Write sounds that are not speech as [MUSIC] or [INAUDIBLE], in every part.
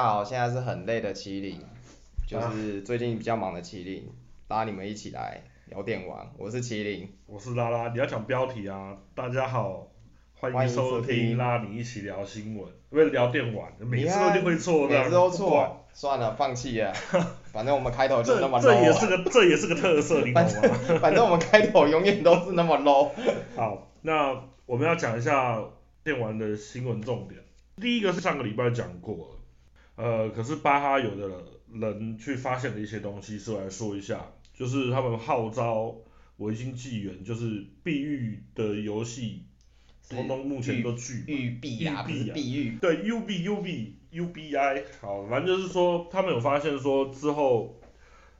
大家好，現在是很累的麒麟，就是最近比較忙的麒麟，拉、啊、你們一起來聊電玩，我是麒麟，我是拉拉，你要講標題啊，大家好，歡迎收聽，拉你一起聊新聞，為了聊電玩，每次都會錯的、啊，每次都錯，算了，放棄了 [LAUGHS] 反正我們開頭就那麼 low，、啊、這，這也是個這也是個特色，你懂嗎？ [LAUGHS] 反正，反正我們開頭永遠都是那麼 low， [LAUGHS] 好，那我們要講一下電玩的新聞重點，第一個是上個禮拜講過了。呃，可是巴哈有的人，人去發現的一些東西，是來說一下，就是他們號召維京紀元，就是碧玉的遊戲，通通目前都拒，玉、玉、啊玉啊、碧玉，對，UBUBUBI，好，反正就是說他們有發現說之後，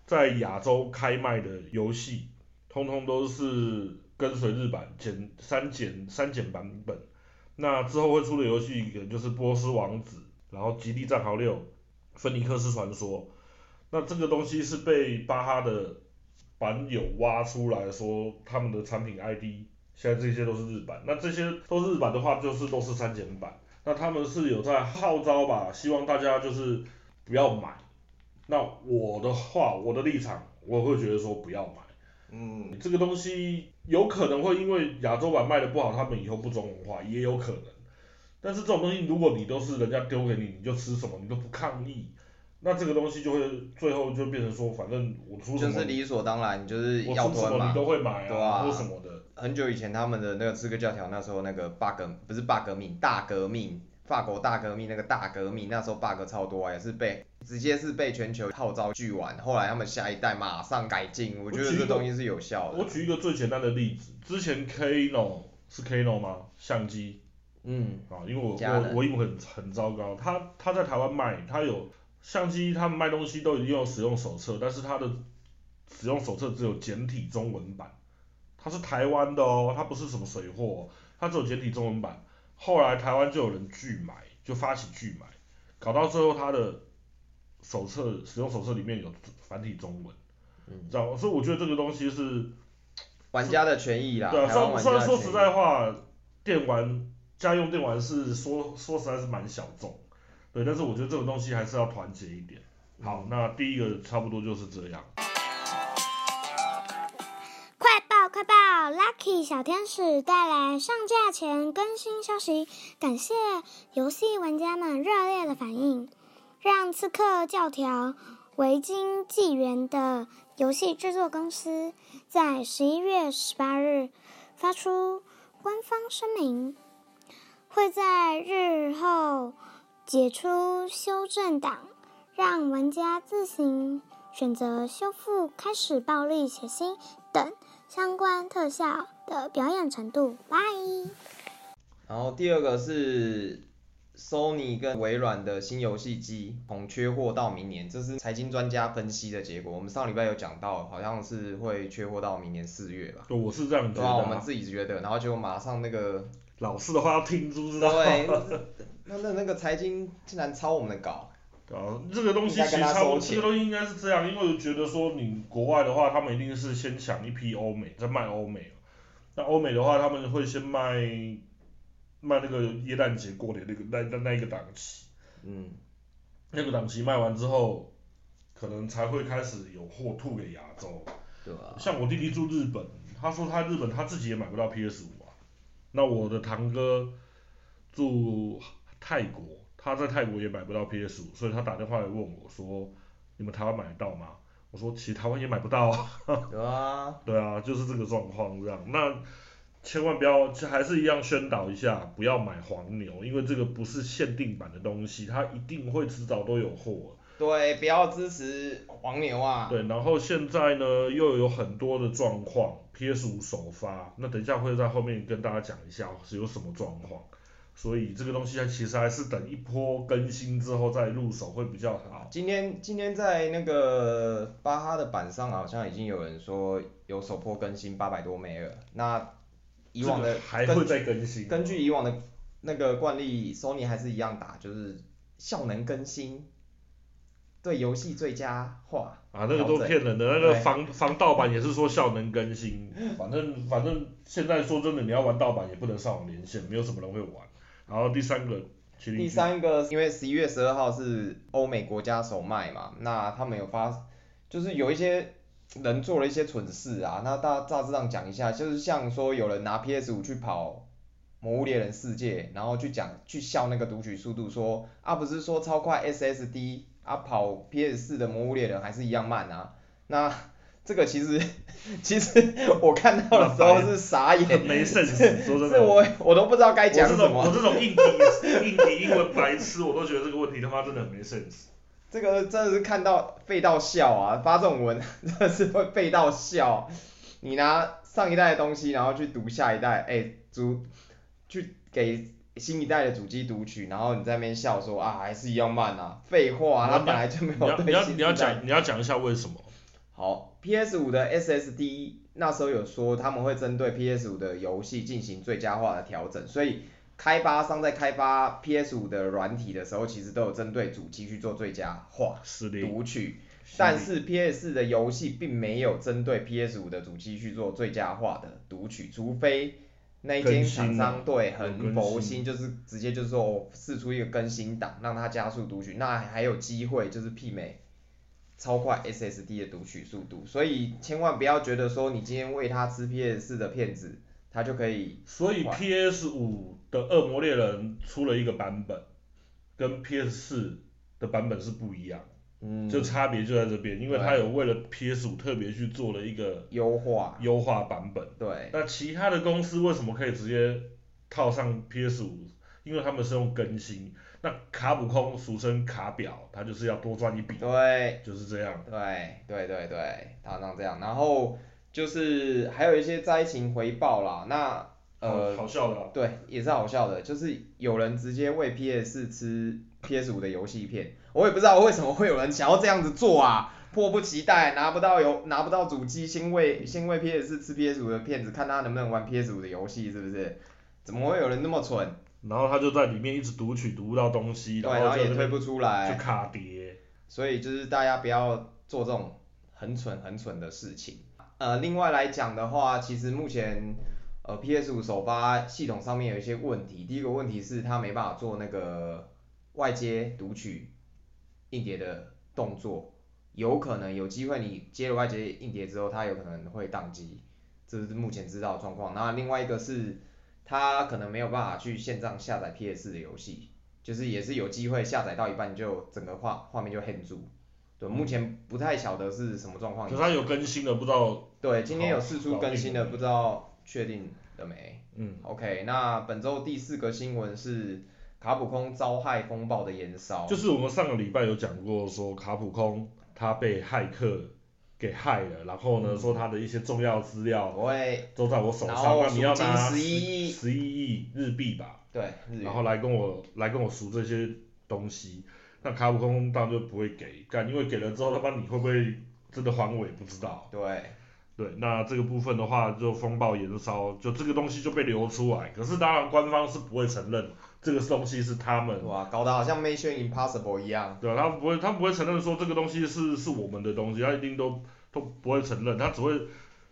在亞洲開賣的遊戲，通通都是跟隨日版減刪減刪減版本，那之後會出的遊戲可能就是波斯王子。然後《極地戰嚎六》《芬尼克斯傳說》，那這個東西是被巴哈的版友挖出來說他們的產品 ID，現在這些都是日版，那這些都是日版的話，就是都是刪減版。那他們是有在號召吧，希望大家就是不要買。那我的話，我的立場，我會覺得說不要買。嗯，這個東西有可能會因為亞洲版賣的不好，他們以後不中文化，也有可能。但是這種東西，如果你都是人家丟給你，你就吃什麼，你都不抗議，那這個東西就會最後就變成說，反正我出什麼就是理所當然，你就是要吞嘛、啊，對吧、啊？什麼的。很久以前他們的那個刺客教條，那時候那個 bug 不是 bug 革命，大革命，法國大革命那個大革命，那時候 bug 超多，也是被直接是被全球號召拒完。後來他們下一代馬上改進，我覺得這東西是有效的。我舉一個，舉一個最簡單的例子，之前 Canon 是 Canon 嗎？相機。嗯，啊，因為我我我英文很很糟糕，他他在台灣賣，他有相機，他們賣東西都已經有使用手冊，但是他的使用手冊只有簡體中文版，他是台灣的哦，他不是什麼水貨，他只有簡體中文版。後來台灣就有人拒買，就發起拒買，搞到最後他的手冊使用手冊裡面有繁體中文，嗯，你知道，所以我覺得這個東西是玩家的權益啦。對啊，雖然說實在話，電玩。家用電玩是說說實在是蠻小眾，對，但是我覺得這種東西還是要團結一點。好，那第一個差不多就是這樣。快報快報，Lucky 小天使帶來上架前更新消息，感謝遊戲玩家們熱烈的反應，讓刺客教條維京紀元的遊戲製作公司在十一月十八日發出官方聲明。會在日後解除修正檔，讓玩家自行選擇修復、開始暴力血腥等相關特效的表演程度。拜。然後第二個是 Sony 跟微軟的新遊戲機從缺貨到明年，這是財經專家分析的結果。我們上禮拜有講到，好像是會缺貨到明年四月吧？對，我是這樣覺得。啊，我們自己覺得，然後就馬上那個。老師的話要聽，知不知道？對。那那那個財經竟然抄我們的稿。 [LAUGHS] 啊，這個東西其實抄，我這個東西應該是這樣，因為我覺得說你國外的話，他們一定是先搶一批歐美，再賣歐美。那歐美的話，他們會先賣，賣那個耶誕節過年那個那那那一個檔期。嗯。那個檔期賣完之後，可能才會開始有貨吐給亞洲。對吧、啊？像我弟弟住日本，嗯、他說他日本他自己也買不到 PS5。那我的堂哥住泰國，他在泰國也買不到 PS 五，所以他打電話來問我說，說你們台灣買得到嗎？我說其實台灣也買不到啊。有啊。對啊，就是這個狀況這樣。那千萬不要，還是一樣宣導一下，不要買黃牛，因為這個不是限定版的東西，它一定會遲早都有貨。對，不要支持黃牛啊。對，然後現在呢，又有很多的狀況，PS 五首發，那等一下會在後面跟大家講一下是有什麼狀況，所以這個東西它其實還是等一波更新之後再入手會比較好。今天今天在那個巴哈的板上，好像已經有人說有首波更新八百多美了，那以往的，這個，還會再更新根。根據以往的那個慣例，Sony 還是一樣打，就是效能更新。對遊戲最佳化。啊，那個都是騙人的，那個防防盜版也是說效能更新， [LAUGHS] 反正反正現在說真的，你要玩盜版也不能上網連線，沒有什麼人會玩。然後第三個。第三個，因為十一月十二號是歐美國家首賣嘛，那他們有發，就是有一些人做了一些蠢事啊，那大大致上講一下，就是像說有人拿 PS 五去跑《魔物獵人世界》，然後去講去笑那個讀取速度說，說啊不是說超快 SSD。他、啊、跑 PS 四的魔物獵人還是一樣慢啊！那這個其實，其實我看到的時候是傻眼，沒 sense。說真的，是我我都不知道該講什麼。我這種硬體硬體英文白痴，我都覺得這個問題他媽真的很沒 sense。這個真的是看到廢到笑啊！發這種文真的是會廢到笑。你拿上一代的東西，然後去讀下一代，哎、欸，讀去給。新一代的主機讀取，然後你在那邊笑說啊，還是一樣慢啊？廢話啊，它本來就沒有。你要你要講你要講一下為什麼？好，PS5 的 SSD 那時候有說他們會針對 PS5 的遊戲進行最佳化的調整，所以開發商在開發 PS5 的軟體的時候，其實都有針對主機去做最佳化讀取。是的，是的，但是 PS4 的遊戲並沒有針對 PS5 的主機去做最佳化的讀取，除非。那一間廠商對，很佛心，就是直接就是說釋、哦，出一個更新檔，讓它加速讀取，那還，還有機會就是媲美超快 SSD 的讀取速度，所以千萬不要覺得說你今天餵它吃 PS 四的片子，它就可以。所以 PS 五的惡魔獵人出了一個版本，跟 PS 四的版本是不一樣。就差別就在這邊、嗯，因為它有為了 PS 五特別去做了一個優化優化版本。對。那其他的公司為什麼可以直接套上 PS 五？因為他們是用更新。那卡普空，俗稱卡表，他就是要多賺一筆。對。就是這樣。對對對對，常常這樣。然後就是還有一些災情回報啦，那、哦、呃好笑的、哦。對，也是好笑的，就是有人直接為 PS 四吃。P S 五的遊戲片，我也不知道為什麼會有人想要這樣子做啊，迫不及待拿不到遊拿不到主機，先餵先餵 P S 四吃 P S 五的片子，看他能不能玩 P S 五的遊戲是不是？怎麼會有人那麼蠢？然後他就在裡面一直讀取讀不到東西，然後就對然後也推不出來，就卡碟。所以就是大家不要做這種很蠢很蠢的事情。呃，另外來講的話，其實目前呃 P S 五首發系統上面有一些問題，第一個問題是他沒辦法做那個。外接讀取，硬碟的動作，有可能有機會你接了外接硬碟之後，它有可能會宕機，這是目前知道的狀況。那另外一個是，他可能沒有辦法去線上下載 PS4 的遊戲，就是也是有機會下載到一半就整個畫畫面就 hang 住。對、嗯，目前不太曉得是什麼狀況。可是它有更新的，不知道。對，今天有釋出更新的，不知道確定了沒？嗯。OK，那本周第四個新聞是。卡普空遭害風暴的延燒，就是我們上個禮拜有講過說卡普空他被駭客給害了，然後呢說他的一些重要資料都在我手上，嗯、那你要拿十十一億日幣吧，對，然後來跟我來跟我贖這些東西，那卡普空當然就不會給，但因為給了之後他怕你會不會真的還我也不知道，對，對，那這個部分的話就風暴延燒，就這個東西就被流出來，可是當然官方是不會承認。這個東西是他們，哇，搞得好像 Mission Impossible 一樣。對啊，他不會，他不會承認說這個東西是是我們的東西，他一定都都不會承認，他只會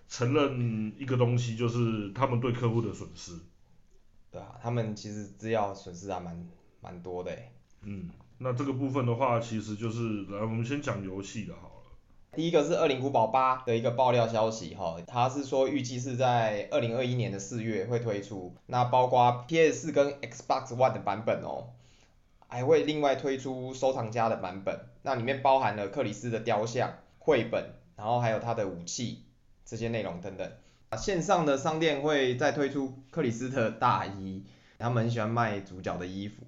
承認一個東西，就是他們對客戶的損失。對啊，他們其實資料損失還蠻蠻多的哎。嗯，那這個部分的話，其實就是來，我們先講遊戲的哈。第一個是《惡靈古堡八》的一個爆料消息哈、哦，他是說預計是在二零二一年的四月會推出，那包括 PS 四跟 Xbox One 的版本哦，還會另外推出收藏家的版本，那裡面包含了克里斯的雕像、繪本，然後還有他的武器這些內容等等。啊，線上的商店會再推出克里斯特大衣，他們很喜歡賣主角的衣服，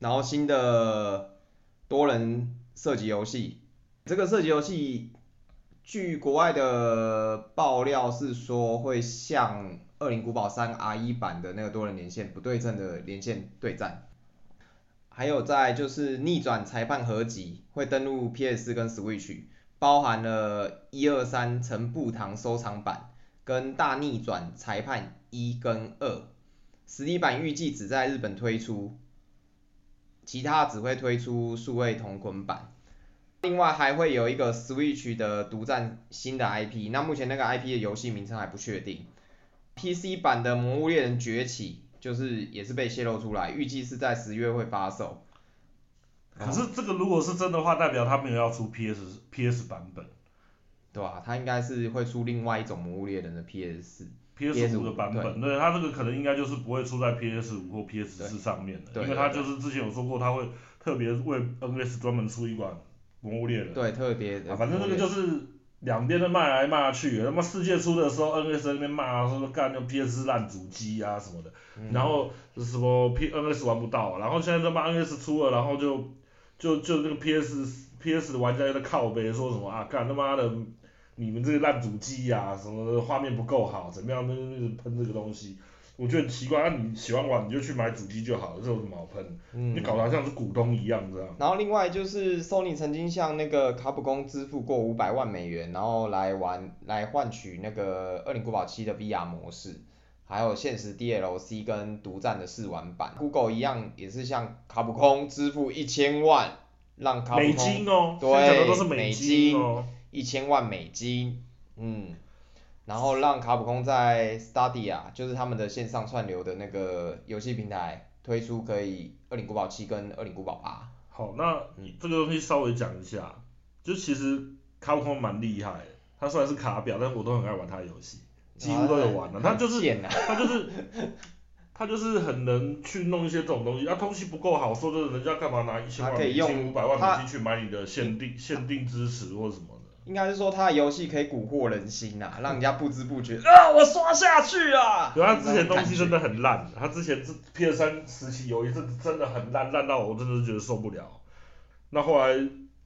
然後新的多人射擊遊戲。這個射擊遊戲，據國外的爆料是說會像《惡靈古堡三 R 一版》的那個多人連線不對稱的連線對戰，還有在就是逆轉裁判合集會登陸 PS 跟 Switch，包含了一二三成步堂收藏版跟大逆轉裁判一跟二，實體版預計只在日本推出，其他只會推出數位同捆版。另外還會有一個 Switch 的獨占新的 IP，那目前那個 IP 的遊戲名稱還不確定。PC 版的《魔物獵人崛起》就是也是被泄露出來，預計是在十月會發售。可是這個如果是真的話，代表他沒有要出 PS PS 版本。哦、對啊，他應該是會出另外一種《魔物獵人》的 PS PS5 的版本對，對，他這個可能應該就是不會出在 PS5 或 PS4 上面的對對對對，因為他就是之前有說過他會特別為 NS 專門出一款。魔物獵人，對，特別的、啊。反正那個就是兩邊都罵來罵去，他、嗯、媽世界出的時候，NS 那邊罵說幹就 PS 爛主機啊什麼的，嗯、然後就什麼 PS N 玩不到、啊，然後現在他媽 NS 出了，然後就就就那個 PS PS 玩家又在靠北說什麼啊，幹他媽的你們這個爛主機呀、啊，什麼畫面不夠好，怎麼樣，那那噴這個東西。我覺得很奇怪，那、啊、你喜歡玩你就去買主機就好了，這有什麼好噴？嗯、你搞得好像是股東一樣這樣。然後另外就是 Sony 曾經向那個卡普空支付過五百萬美元，然後來玩來換取那個《惡靈古堡七》的 VR 模式，還有限時 DLC 跟獨占的試玩版。Google 一、嗯、樣也是向卡普空支付一千萬，讓卡普空美金、哦、對，一千、哦、萬美金，嗯。然後讓卡普空在 Stadia 啊，就是他們的線上串流的那個遊戲平台推出可以《惡靈古堡七》跟《惡靈古堡八》。好，那你這個東西稍微講一下，就其實卡普空蠻厲害的，他雖然是卡表，但我都很愛玩他的遊戲，幾乎都有玩的。他、啊、就是他就是他、就是、 [LAUGHS] 就是很能去弄一些這種東西，啊，東西不夠好，說真的人家幹嘛拿一千萬、一千五百萬美金去買你的限定限定支持或者什麼？應該是說他的遊戲可以蠱惑人心啊，讓人家不知不覺、嗯、啊，我刷下去啊。對啊，之前的東西真的很爛，他之前是 PS3 時期有一次真的很爛，爛到我真的是覺得受不了。那後來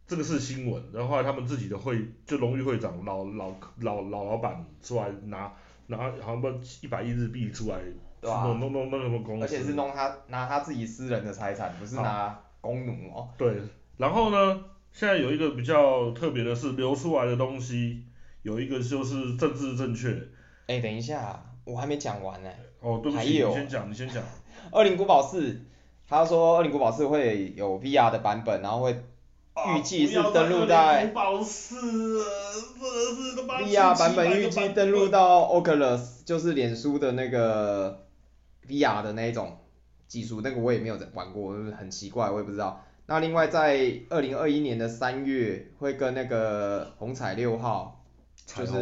這個是新聞，然後後來他們自己的會就榮譽會長老老老、老老老老闆出來拿拿、拿好像不一百億日幣出來、啊、弄弄弄弄什麼公司，而且是弄他拿他自己私人的財產，不是拿公奴哦。對，然後呢？現在有一個比較特別的是流出來的東西，有一個就是政治正確。哎、欸，等一下，我還沒講完呢、欸。哦，對還有，你先講，你先講。 [LAUGHS] 惡靈古堡四，他說惡靈古堡四會有 VR 的版本，然後會預計是登錄在。VR 版本預計登錄到 Oculus，就是臉書的那個 VR 的那一種技術，那個我也沒有玩過，很奇怪，我也不知道。那另外在二零二一年的三月，會跟那個虹彩6彩虹彩六號，就是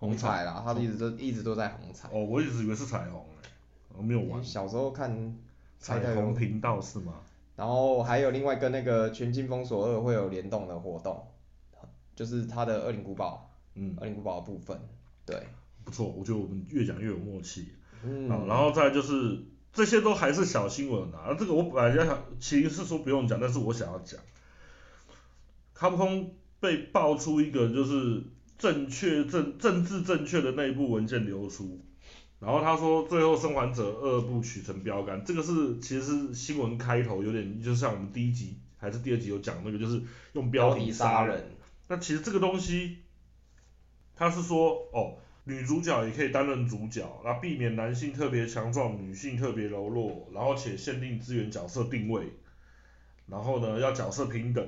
虹彩啦，它一直都、嗯、一直都在虹彩。哦，我一直以為是彩虹、欸，我、哦、沒有玩、欸。小時候看彩，彩虹頻道是嗎？然後還有另外跟那個全境封鎖二會有聯動的活動，就是它的惡靈古堡，嗯，惡靈古堡的部分，對。不錯，我覺得我們越講越有默契。嗯。然後再就是。這些都還是小新聞啊，這個我本來想，其實是說不用講，但是我想要講，卡普空被爆出一個就是正確政政治正確的內部文件流出，然後他說最後生還者二部曲成標桿，這個是其實是新聞開頭有點，就像我們第一集還是第二集有講那個，就是用標題殺人，那其實這個東西，他是說哦。女主角也可以擔任主角，那避免男性特別強壯，女性特別柔弱，然後且限定資源角色定位，然後呢，要角色平等，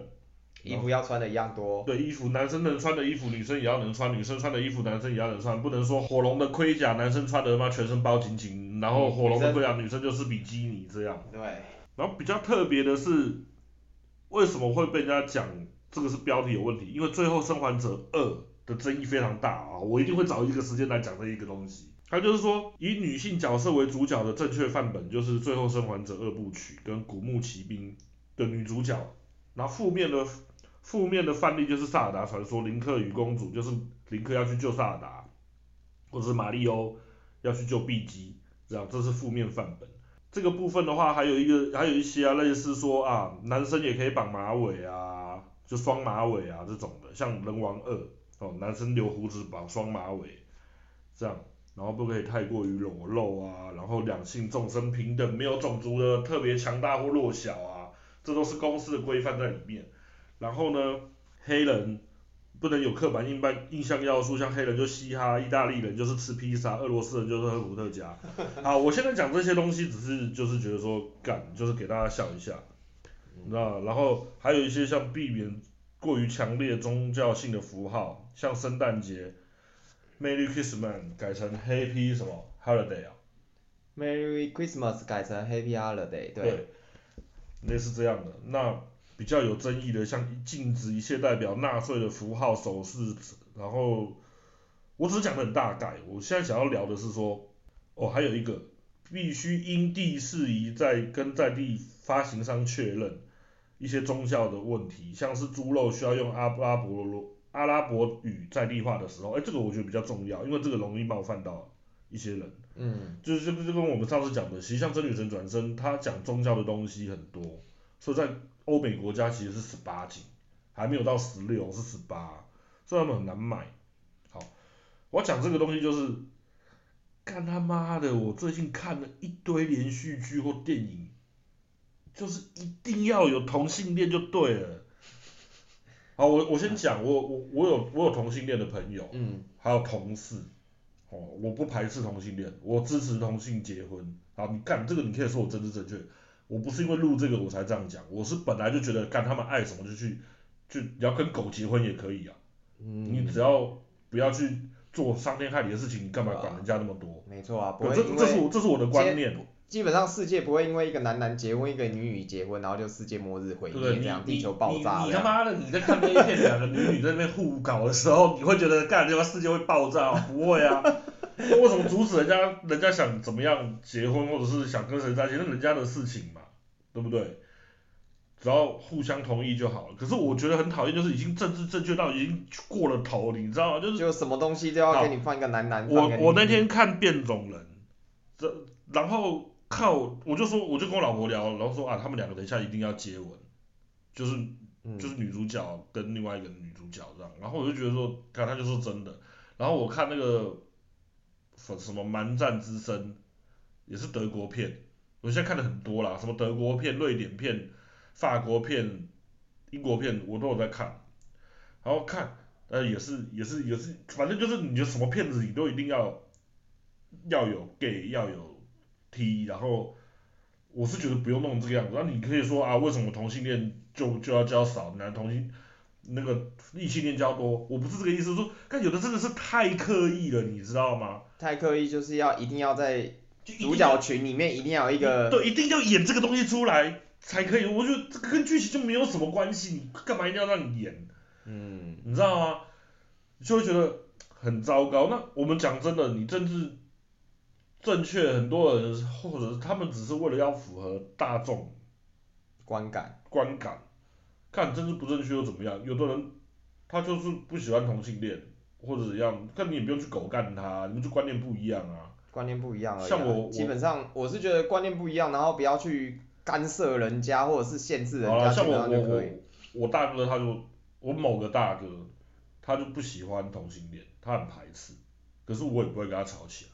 衣服要穿的一樣多。對，衣服男生能穿的衣服，女生也要能穿，女生穿的衣服，男生也要能穿，不能說火龍的盔甲男生穿的嘛，全身包緊緊，然後火龍的盔甲女生，女生就是比基尼這樣。對。然後比較特別的是，為什麼會被人家講這個是標題有問題？因為最後生還者二的爭議非常大啊、哦！我一定會找一個時間來講這一個東西。它就是說，以女性角色為主角的正確範本，就是《最後生還者》二部曲跟《古墓奇兵》的女主角。然後負面的負面的範例就是《薩爾達傳說》林克與公主，就是林克要去救薩爾達，或者是馬里歐要去救碧姬，這樣這是負面範本。這個部分的話，還有一個還有一些啊，類似說啊，男生也可以綁馬尾啊，就雙馬尾啊這種的，像《仁王二》。哦，男生留鬍子綁雙馬尾，這樣，然後不可以太過於裸露啊，然後兩性眾生平等，沒有種族的特別強大或弱小啊，這都是公司的規範在裡面。然後呢，黑人不能有刻板印板印象要素，像黑人就嘻哈，意大利人就是吃披薩，俄羅斯人就是喝伏特加。 [LAUGHS] 啊。我現在講這些東西，只是就是覺得說，幹，就是給大家笑一下， [LAUGHS] 那然後還有一些像避免。過於強烈宗教性的符號，像聖誕節，Merry Christmas 改成 Happy 什麼 Holiday 啊，Merry Christmas 改成 Happy Holiday，對，對，類似這樣的。那比較有爭議的，像禁止一切代表納粹的符號、手勢，然後，我只是講的很大概。我現在想要聊的是說，哦，還有一個，必須因地適宜，再跟在地發行商確認。一些宗教的問題，像是豬肉需要用阿拉伯羅阿拉伯語在地化的時候，哎、欸，這個我覺得比較重要，因為這個容易冒犯到一些人。嗯，就是這不就跟我們上次講的，其實像真女神轉生，她講宗教的東西很多，所以在歐美國家其實是十八禁，還沒有到十六是十八，所以他們很難買。好，我講這個東西就是，幹他媽的！我最近看了一堆連續劇或電影。就是一定要有同性戀就對了。好，我我先講，我我我有我有同性戀的朋友，嗯，還有同事，哦，我不排斥同性戀，我支持同性結婚。好，你幹這個你可以說我政治正確，我不是因為錄這個我才這樣講，我是本來就覺得幹他們愛什麼就去，就你要跟狗結婚也可以啊，嗯，你只要不要去做傷天害理的事情，你幹嘛管人家那麼多？沒錯啊，這這是我這是我的觀念。基本上世界不會因為一個男男結婚，一個女女結婚，然後就世界末日毀滅這樣，地球爆炸了。你他媽的你在看那些片，兩個女女在那邊互搞的時候， [LAUGHS] 你會覺得幹這個世界會爆炸，哦？不會啊，那 [LAUGHS] 為什麼阻止人家？人家想怎麼樣結婚，或者是想跟誰在一起，那人家的事情嘛，對不對？只要互相同意就好了。可是我覺得很討厭，就是已經政治正確到已經過了頭你知道嗎？就是就什麼東西都要給你放一個男男，哦、女女，我我那天看變種人，這然後。靠，我就說，我就跟我老婆聊，然後說啊，他們兩個等一下一定要接吻，就是就是女主角跟另外一個女主角這樣，然後我就覺得說，看，他就是真的。然後我看那個粉什麼《蠻戰之聲》，也是德國片。我現在看的很多啦，什麼德國片、瑞典片、法國片、英國片，我都有在看。然後看，呃，也是也是也是，反正就是你就什麼片子，你都一定要要有 gay，要有。T，然後我是覺得不用弄這個樣子，那、啊、你可以說啊，為什麼同性戀就就要較少，男同性那個異性戀較多？我不是這個意思，就是、說，但有的真的是太刻意了，你知道嗎？太刻意就是要一定要在主角群裡面一定要一個一定要，對，一定要演這個東西出來才可以，我覺得這個跟劇情就沒有什麼關係，你幹嘛一定要讓你演？嗯。你知道嗎？就會覺得很糟糕。那我們講真的，你政治。正確，很多人或者他們只是為了要符合大眾觀感觀感，看政治不正確又怎麼樣？有的人他就是不喜歡同性戀或者怎樣，看你也不用去狗幹他，你們就觀念不一樣啊。觀念不一樣而已啊。像我，我基本上我是覺得觀念不一樣，然後不要去干涉人家或者是限制人家。啊，像我就可以，我我大哥他就我某個大哥他就不喜歡同性戀，他很排斥，可是我也不會跟他吵起來。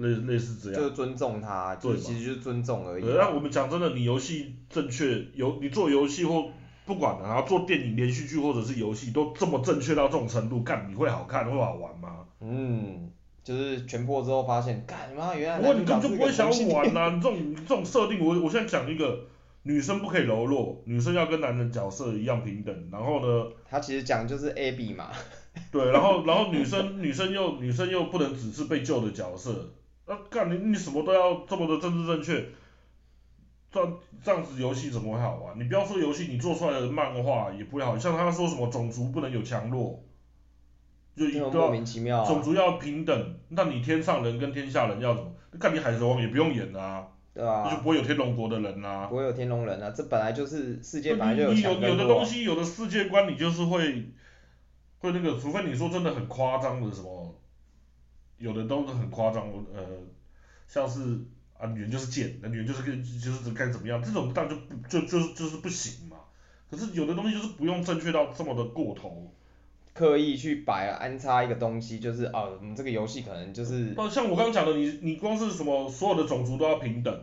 類類似這樣，就尊重他，就其，其實就是尊重而已。對，那我們講真的，你遊戲正確，遊你做遊戲或不管然、啊、後做電影、連續劇或者是遊戲，都這麼正確到這種程度，幹你會好看，會好玩嗎？嗯，就是全破之後發現，幹嘛原來。不過你根本就不會想玩吶、啊， [LAUGHS] 你這種你這種設定，我我現在講一個，女生不可以柔弱，女生要跟男人角色一樣平等，然後呢？他其實講就是 A B 嘛。 [LAUGHS] 對，然後然後女生女生又女生又不能只是被救的角色。那、啊、幹你你什麼都要這麼的政治正確，這這樣子遊戲怎麼會好玩，啊？你不要說遊戲，你做出來的漫畫也不會好。像他說什麼種族不能有強弱，就莫名其妙，啊。種族要平等，那你天上人跟天下人要怎麼？幹你海賊王也不用演啊，對啊，就不會有天龍國的人啊，不會有天龍人啊，這本來就是世界本來就有有、有的東西，有的世界觀你就是會，會那個，除非你說真的很誇張的什麼。有的東西很誇張，我呃，像是啊，女人就是賤，那女人就是跟就是該怎麼樣，這種當然，就不就就是就是不行嘛。可是有的東西就是不用正確到這麼的過頭，刻意去擺安插一個東西，就是們、啊嗯、這個遊戲可能就是。哦、嗯，像我剛講的，你你光是什麼所有的種族都要平等，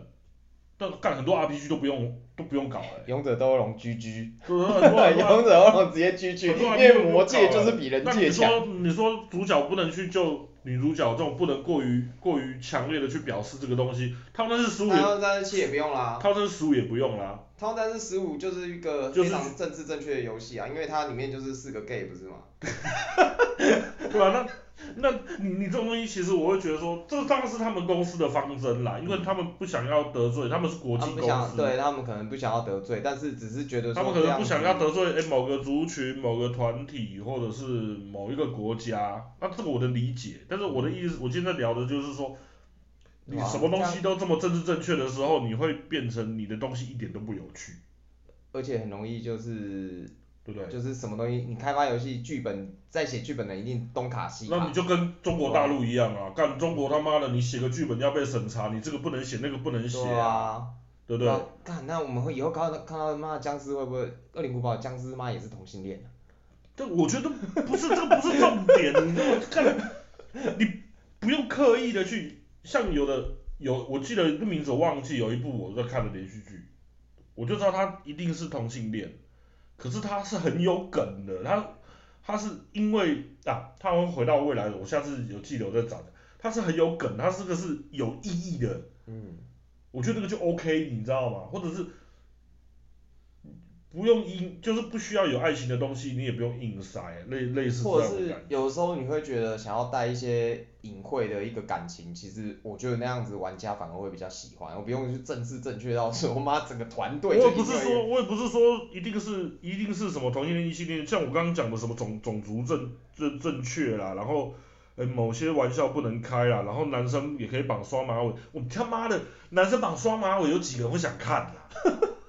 但幹很多 R P G 都不用都不用搞了、欸。勇者鬥惡龍，GG 對對勇者鬥惡龍直接 GG，因為魔界就是比人界強，那你說你說主角不能去救？女主角這種不能過於過於強烈的去表示這個東西，太空戰士十五，太空戰士七也不用啦，太空戰士十五也不用啦，太空戰士十五就是一個非常政治正確的遊戲啊、就是，因為它裡面就是四個 gay 不是嗎？ [LAUGHS] [LAUGHS] 對吧、啊。那。 [LAUGHS] 那你你這種東西，其實我會覺得說，這當然是他們公司的方針啦，因為他們不想要得罪，他們是國際公司。對，他們可能不想要得罪，但是只是覺得。他們可能不想要得罪、欸、某個族群、某個團體，或者是某一個國家。那這個我的理解，但是我的意思，嗯、我今天在聊的就是說，你什麼東西都這麼政治正確的時候，你會變成你的東西一點都不有趣，而且很容易就是。對不對，對？就是什麼東西，你開發遊戲劇本，再寫劇本的一定東卡西卡。那你就跟中國大陸一樣啊！幹、啊、中國他媽的，你寫個劇本要被審查，你這個不能寫，那個不能寫、啊。對啊。對不對，對？那那我們以後看到的看到他媽的僵屍會不會？惡靈古堡僵屍媽也是同性戀這、啊、我覺得不是 [LAUGHS] 這個不是重點，你這麼看了，你不用刻意的去，像有的有，我記得名字我忘記有一部我在看的連續劇，我就知道他一定是同性戀。可是他是很有梗的，他他是因為啊他會回到未來的，我下次有記得我在找，他是很有梗，他這個是有意義的，嗯，我覺得這個就 OK，你知道嗎？或者是。不用硬，就是不需要有愛情的東西，你也不用硬塞，類類似這種感覺。或者是有時候你會覺得想要帶一些隱晦的一個感情，其實我覺得那樣子玩家，反而會比較喜歡，我不用去政治正確到說，我媽整個團隊。我也不是說，我也不是說一定是一定是什麼同性戀異性戀，像我剛剛講的什麼種種族正正正確啦，然後呃、欸、某些玩笑不能開啦，然後男生也可以綁雙馬尾，我他媽的男生綁雙馬尾有幾個不想看的？啊？ [LAUGHS]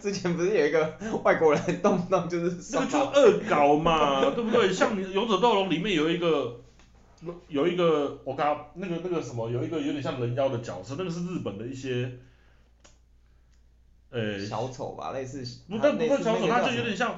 之前不是有一個外國人，動不動就是那個惡搞嘛， [LAUGHS] 對不對？像《勇者鬥龍》裡面有一個，有一個我剛那個那個什麼，有一個有點像人妖的角色，那個是日本的一些，欸、小丑吧，類似，不，但不是小丑，他就有點像。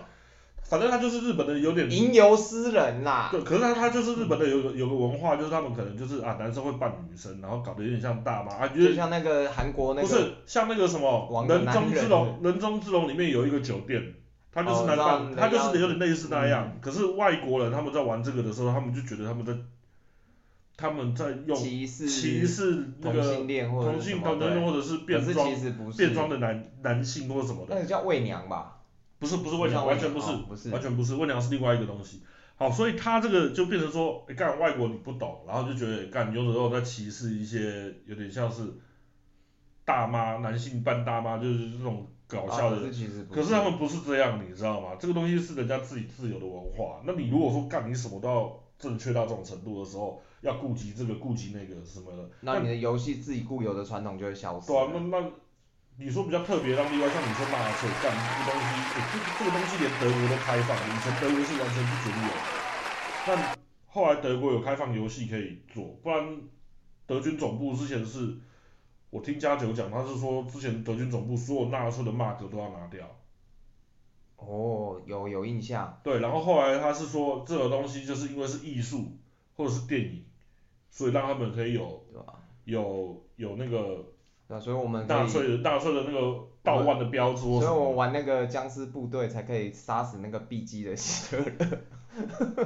反正他就是日本的有點。吟遊詩人啦、啊。對，可是他他就是日本的有有有個文化、嗯，就是他們可能就是啊男生會扮女生，然後搞得有點像大媽、啊。就像那個韓國那個。不是像那個什麼。人中之龍，人中之龍裡面有一個酒店，他就是男扮、哦，他就是有點類似那樣、嗯。可是外國人他們在玩這個的時候，他們就覺得他們在，他們在用歧視歧視那個，同性戀同性戀或者是變裝的男男性或什麼的。那你叫偽娘吧。不是不是問題，完全不是，哦，不是，完全不是，問題是另外一個東西。好，所以他這個就變成說，幹、欸、外國你不懂，然後就覺得幹，有時候在歧視一些有點像是大媽男性扮大媽，就是這種搞笑的，啊。可是他們不是這樣，你知道嗎？這個東西是人家自己自由的文化。那你如果說幹你什麼都要正確到這種程度的時候，要顧及這個顧及那個什麼的，那你的遊戲自己固有的傳統就會消失。對啊，那。慢。那那你說比較特別，那另外，像你說納粹，但這東西，這個東西連德國都開放，以前德國是完全不准有。那後來德國有開放遊戲可以做，不然德軍總部之前是，我聽加九講，他是說之前德軍總部所有納粹的 mark 都要拿掉。哦、oh，有有印象。對，然後後來他是說這個東西就是因為是藝術或者是電影，所以讓他們可以有有有那個。所以我們以大錘的大錘的那個爆萬的標誌，所以我玩那個殭屍部隊才可以殺死那個 B 機的機器人。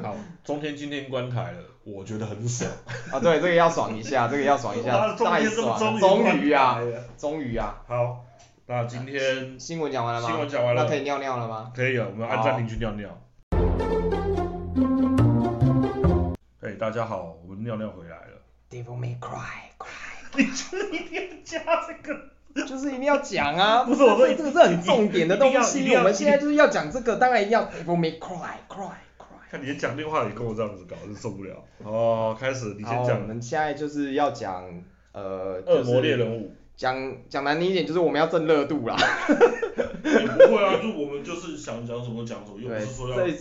好，中天今天關台了，我覺得很爽。 [LAUGHS] 啊對，這個要爽一下，這個要爽一下，太 [LAUGHS] 爽了！終於啊，終於啊，啊，啊，好，那今天、呃、新聞講完了嗎？新聞講完了，那可以尿尿了嗎？可以啊，我們按暫停去尿尿。哎，hey, 大家好，我們尿尿回來了。Devil May Cry. [LAUGHS] 你就是一定要加這個， [LAUGHS] 就是一定要講啊不！不是，我說這個是很重點的東西。我們現在就是要講這個，當然一定要。我沒、這個、 [LAUGHS] cry cry cry。看你講電話也跟我這樣子搞，真 [LAUGHS] 受不了。哦，開始，你先講。我們現在就是要講呃，惡、就是、魔獵人五。講講難聽一點，就是我們要蹭熱度啦。也 [LAUGHS] 不會啊， [LAUGHS] 就我們就是想講什麼講什麼，又不是說要。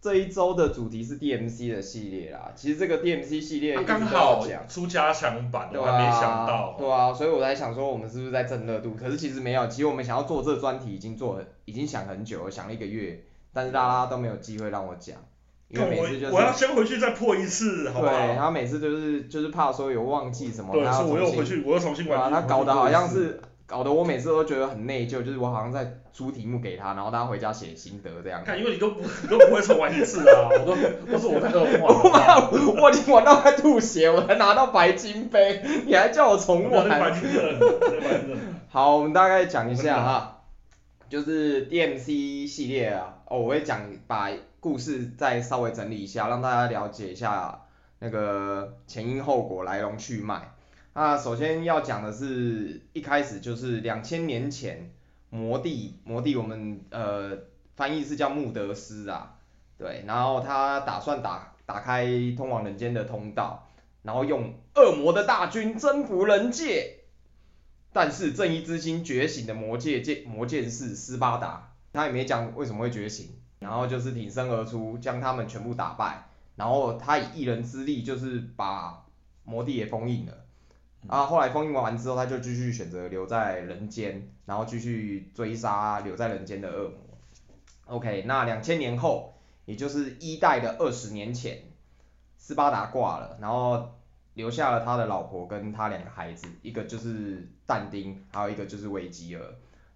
這一周的主題是 DMC 的系列啦，其實這個 DMC 系列剛、啊，好出加強版，我還沒想到對、啊，對啊，所以我在想說我們是不是在蹭熱度，可是其實沒有，其實我們想要做這專題已經做，已經想很久了，想了一個月，但是大家都沒有機會讓我講，因為每次就是我，我要先回去再破一次，好對，然後每次就是就是怕說有忘記什麼，然後我又回去，我又重新把它、啊、他搞得好像是。搞得我每次都覺得很內疚，就是我好像在出題目給他，然後他回家寫心得這樣子。看，因為你都不都不會重玩一次啊， [LAUGHS] 我都都是我這個， [LAUGHS] 我我我我我我已經玩到快吐血，我才拿到白金杯， [LAUGHS] 你還叫我重玩， [LAUGHS] 好，我們大概講一下哈、啊，就是 DMC 系列啊，哦，我我，會講把故事再稍微整理一下，讓大家了解一下、啊、那個前因後果、來龍去脈。那、啊、首先要講的是，一開始就是兩千年前魔帝，魔帝我們呃翻譯是叫穆德斯啊，對，然後他打算打打開通往人間的通道，然後用惡魔的大軍征服人界，但是正義之心覺醒的魔界界，魔劍士斯巴達，他也沒講為什麼會覺醒，然後就是挺身而出將他們全部打敗，然後他以一人之力就是把魔帝也封印了。啊，後來封印完，完之後，他就繼續選擇留在人間，然後繼續追殺留在人間的惡魔。OK，那兩千年後，也就是一代的二十年前，斯巴達掛了，然後留下了他的老婆跟他兩個孩子，一個就是但丁，還有一個就是維吉爾。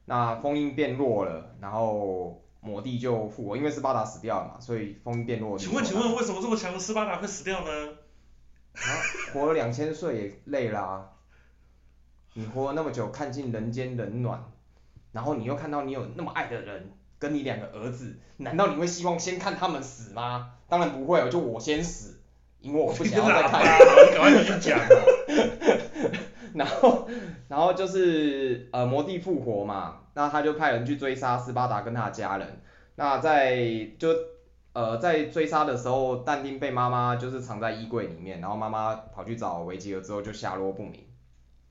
那封印變弱了，然後魔帝就復活，因為斯巴達死掉了嘛，所以封印變弱。請問請問為什麼這麼強的斯巴達會死掉呢？然、啊、後活了兩千歲也累啦，啊，你活了那麼久，看盡人間冷暖，然後你又看到你有那麼愛的人跟你兩個兒子，難道你會希望先看他們死嗎？當然不會哦，就我先死，因為我不想要再看，啊。趕快繼續講。 [LAUGHS] [LAUGHS] 然後，然後就是呃魔帝復活嘛，那他就派人去追殺斯巴達跟他的家人，那在就。呃，在追殺的時候，但丁被媽媽就是藏在衣櫃裡面，然後媽媽跑去找維吉爾之後就下落不明。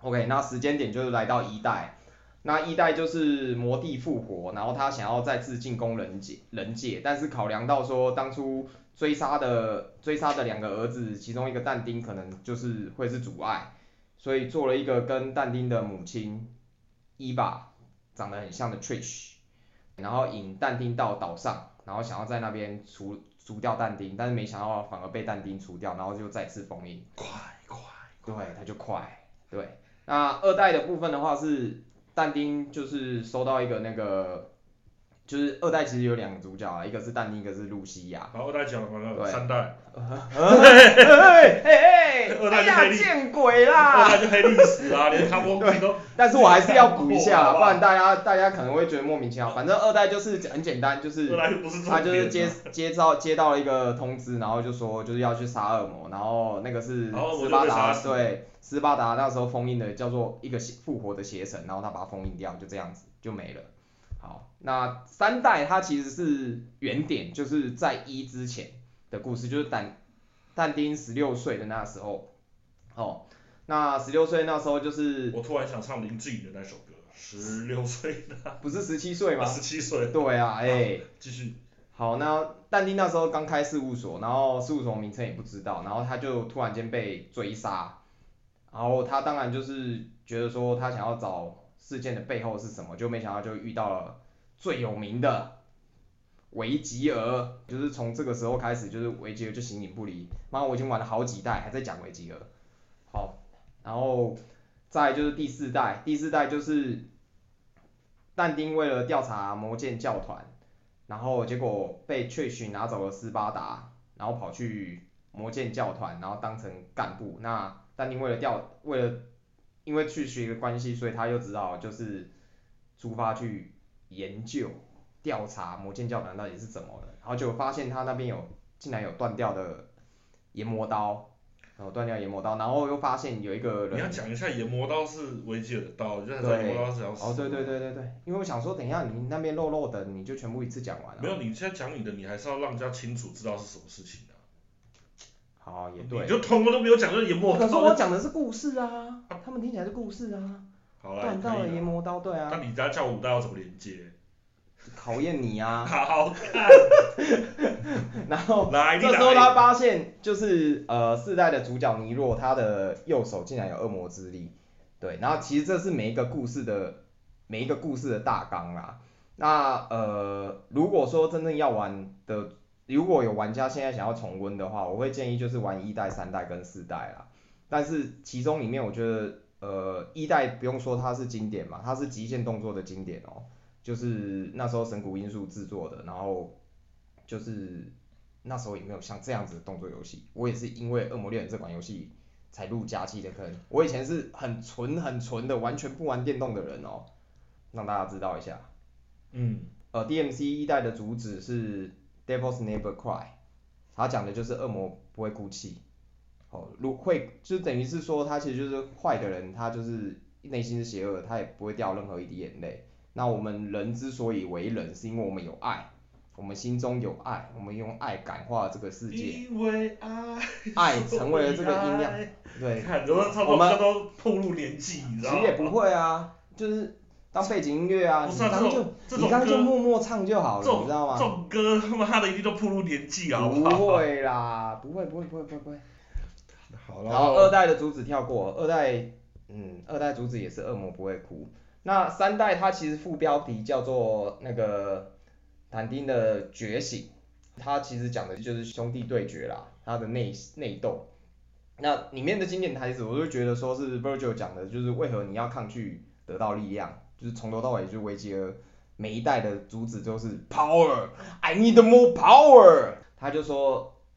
OK，那時間點就是來到一代，那一代就是魔帝復活，然後他想要再次進攻人界人界，但是考量到說當初追殺的追殺的兩個兒子，其中一個但丁可能就是會是阻礙，所以做了一個跟但丁的母親伊娃長得很像的 Trish，然後引但丁到島上。然後想要在那邊除除掉但丁，但是沒想到反而被但丁除掉，然後就再次封印。快快快！對，他就快。對，那二代的部分的話是但丁就是收到一個那個。就是二代其實有兩個主角啊，一個是但丁，一個是露西亞。好，二代講完了。對。三代。哎哎哎！二代見鬼啦！二代就黑歷史啊， [LAUGHS] 連卡波西都。但是我還是要補一下，不然大家大家可能會覺得莫名其妙。反正二代就是很簡單，就是。是他就是接接到接到了一個通知，然後就說就是要去殺惡魔，然後那個是斯巴達，對，斯巴達那時候封印的叫做一個復活的邪神，然後他把它封印掉，就這樣子就沒了。好，那三代他其實是原點，就是在一之前的故事，就是但但丁十六歲的那時候。好、哦，那十六歲那時候就是我突然想唱林志穎的那首歌，十六歲。不是十七歲嗎？十七歲。對啊，哎、欸，啊，繼續。好，那但丁那時候剛開事務所，然後事務所名稱也不知道，然後他就突然間被追殺，然後他當然就是覺得說他想要找。事件的背後是什麼？就沒想到就遇到了最有名的維吉爾，就是從這個時候開始，就是維吉爾就形影不離。媽，我已經玩了好幾代，還在講維吉爾。好，然後再就是第四代，第四代就是但丁為了調查魔劍教團，然後結果被崔許拿走了斯巴達，然後跑去魔劍教團，然後當成幹部。那但丁為了調為了。因為去學的關係，所以他又知道，就是出發去研究、調查魔劍教團到底是怎麼了，然後就發現他那邊有，竟然有斷掉的研磨刀，然後斷掉研磨刀，然後又發現有一個人。你要講一下研磨刀是維吉爾的刀，就像研磨刀這樣死的。哦，對對對對對，因為我想說，等一下你那邊漏漏的，你就全部一次講完了。哦。沒有，你現在講你的，你還是要讓人家清楚知道是什麼事情。啊，好，也對。你就通通都沒有講，就是研磨刀。可是我講的是故事啊。他們聽起來是故事啊，斷刀的閻魔刀，對啊。那你家跟五代要怎麼連接？考驗你啊。 [LAUGHS] 好。看。 [LAUGHS] 然後這時候他發現，就是呃四代的主角尼洛，他的右手竟然有惡魔之力。對，然後其實這是每一個故事的每一個故事的大綱啊。那呃如果說真正要玩的，如果有玩家現在想要重溫的話，我會建議就是玩一代、三代跟四代啦。但是其中裡面，我覺得呃一代不用說，它是經典嘛，它是極限動作的經典哦，就是那時候神谷英樹製作的，然後就是那時候也沒有像這樣子的動作遊戲，我也是因為《惡魔獵人》這款遊戲才入佳期的坑。我以前是很純很純的，完全不玩電動的人哦，讓大家知道一下。嗯。呃，DMC 一代的主旨是 Devils Never Cry，它講的就是惡魔不會哭泣。哦，如會就等於是說他其實就是壞的人，他就是內心是邪惡，他也不會掉任何一滴眼淚。那我們人之所以為人，是因為我們有愛，我們心中有愛，我們用愛感化這個世界。因為愛，愛。成為了這個音量。對。看，都差不多，都透露年紀，其實也不會啊，就是當背景音樂啊，啊。你剛剛就，你剛剛就默默唱就好了，你知道嗎？這種歌，他媽的一定都透露年紀啊！不會啦，不會，不會，不會，不會。好，然後二代的主旨跳過，二代，嗯，二代主旨也是惡魔不會哭。那三代他其實副標題叫做那個坦丁的覺醒，他其實講的就是兄弟對決啦，他的內內鬥。那裡面的經典台詞，我就覺得說是 Virgil 講的，就是為何你要抗拒得到力量，就是從頭到尾就維吉爾。每一代的主旨就是 power，I need more power，他就說。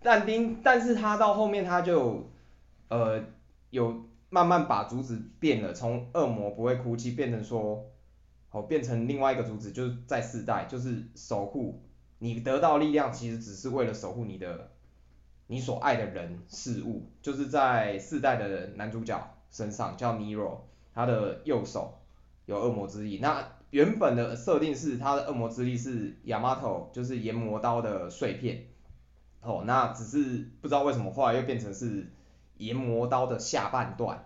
但丁，但是他到後面他就，呃，有慢慢把主旨變了，從惡魔不會哭泣變成說，哦，變成另外一個主旨，就是在四代，就是守護你得到力量，其實只是為了守護你的，你所愛的人事物，就是在四代的男主角身上，叫 Nero，他的右手有惡魔之力，那原本的設定是他的惡魔之力是 Yamato，就是閻魔刀的碎片。哦，那只是不知道為什麼後來又變成是研磨刀的下半段。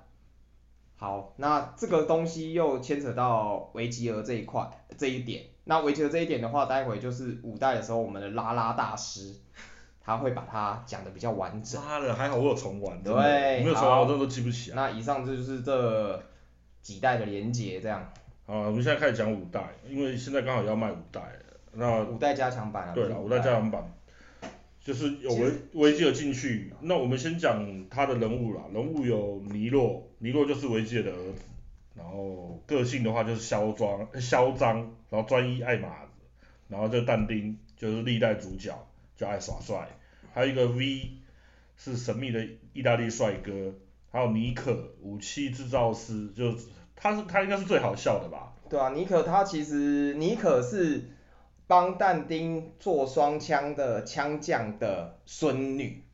好，那這個東西又牽扯到維吉爾這一塊，這一點。那維吉爾這一點的話，待會就是五代的時候，我們的拉拉大師，他會把它講的比較完整。拉了還好，我有重玩的對，沒有重玩，我真的都記不起、啊。那以上就是這幾代的連接，這樣。啊，我們現在開始講五代，因為現在剛好要賣五代。那五代加強版對了，五代加強版,、啊、版。就是有維維吉爾進去，那我們先講他的人物啦。人物有尼洛，尼洛就是維吉爾的兒子。然後個性的話就是囂張、囂張，然後專一愛馬子。然後就但丁就是歷代主角，就愛耍帥。還有一個 V 是神秘的意大利帥哥，還有妮可，武器制造師，就他是他應該是最好笑的吧？對啊，妮可他其實妮可是幫但丁做雙槍的槍匠的孫女，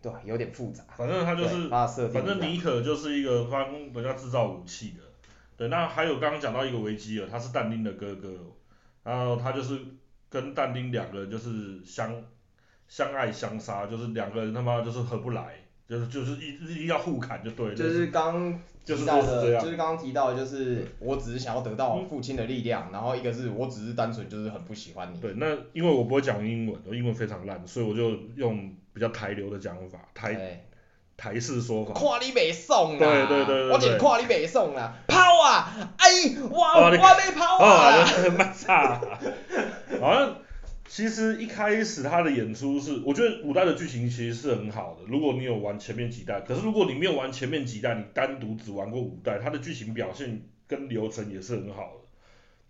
對，有點複雜。反正他就是，設定反正尼可就是一個幫人家製造武器的。對，那還有剛剛講到一個維吉爾，他是但丁的哥哥，然後他就是跟但丁兩個人就是相相愛相殺，就是兩個人他媽就是合不來。就是就是一一定要互砍就對了。就是剛提到的，就是剛剛提到，就是我只是想要得到父親的力量，嗯，然後一個是我只是單純就是很不喜歡你。對，那因為我不會講英文，我英文非常爛，所以我就用比較台流的講法，台台式說法。看你袂爽啦，對對對，對，對，對，我只看你袂爽啦，跑，哎喔，啊，哎，喔，哇我我要跑啊啦。別吵其實一開始他的演出是，我覺得五代的劇情其實是很好的。如果你有玩前面幾代，可是如果你沒有玩前面幾代，你單獨只玩過五代，他的劇情表現跟流程也是很好的。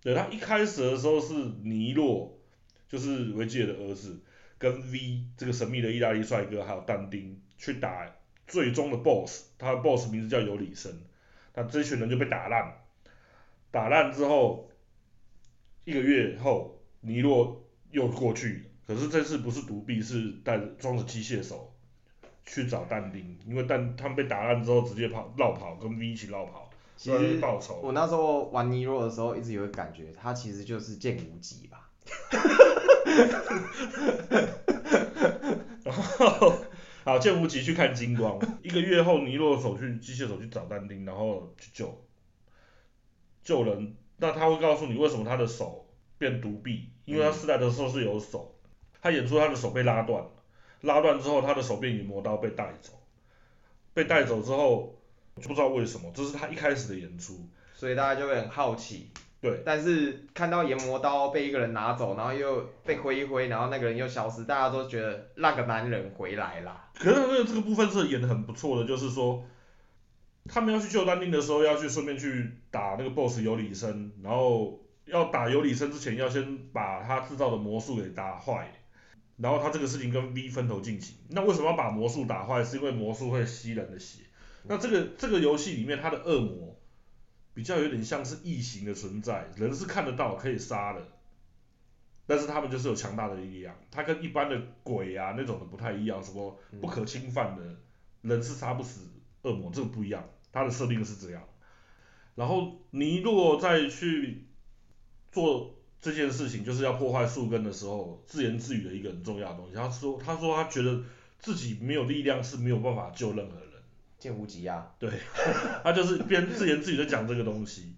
對，他一開始的時候是尼洛，就是維吉爾的兒子，跟 V 這個神秘的意大利帥哥還有但丁去打最終的 BOSS，他的 BOSS 名字叫尤里森。那這群人就被打爛，打爛之後一個月後尼洛。又過去，可是這次不是獨臂，是帶裝着機械手去找但丁，因為但他們被打爛之後直接跑落跑跟 V 一起落跑，算是報仇。我那時候玩尼洛的時候，一直有個感覺，他其實就是劍無極吧。 [LAUGHS] [LAUGHS] 然後好，劍無極去看金光， [LAUGHS] 一個月後尼洛手去機械手去找但丁，然後去救救人，那他會告訴你為什麼他的手變獨臂。因為他死的時候是有手，他演出他的手被拉斷了，拉斷之後他的手被閻魔刀被帶走，被帶走之後就不知道為什麼，這是他一開始的演出，所以大家就會很好奇。對，但是看到閻魔刀被一個人拿走，然後又被揮一揮，然後那個人又消失，大家都覺得那個男人回來了。嗯、可是這個部分是演得很不錯的，就是說他們要去救但丁的時候要去順便去打那個 BOSS 尤里森，然後。要打尤里森之前，要先把他製造的魔樹給打壞，然後他這個事情跟 V 分頭進行。那為什麼要把魔樹打壞？是因為魔樹會吸人的血。那這個這個遊戲裡面，他的惡魔比較有點像是異形的存在，人是看得到可以殺的，但是他們就是有強大的力量，他跟一般的鬼啊那種的不太一樣，什麼不可侵犯的，人是殺不死惡魔，這個不一樣，他的設定是這樣。然後你如果再去。做這件事情就是要破壞樹根的時候，自言自語的一個很重要的東西。他說，他說他覺得自己沒有力量是沒有辦法救任何人。劍無極呀、啊。對，他就是邊自言自語在講這個東西。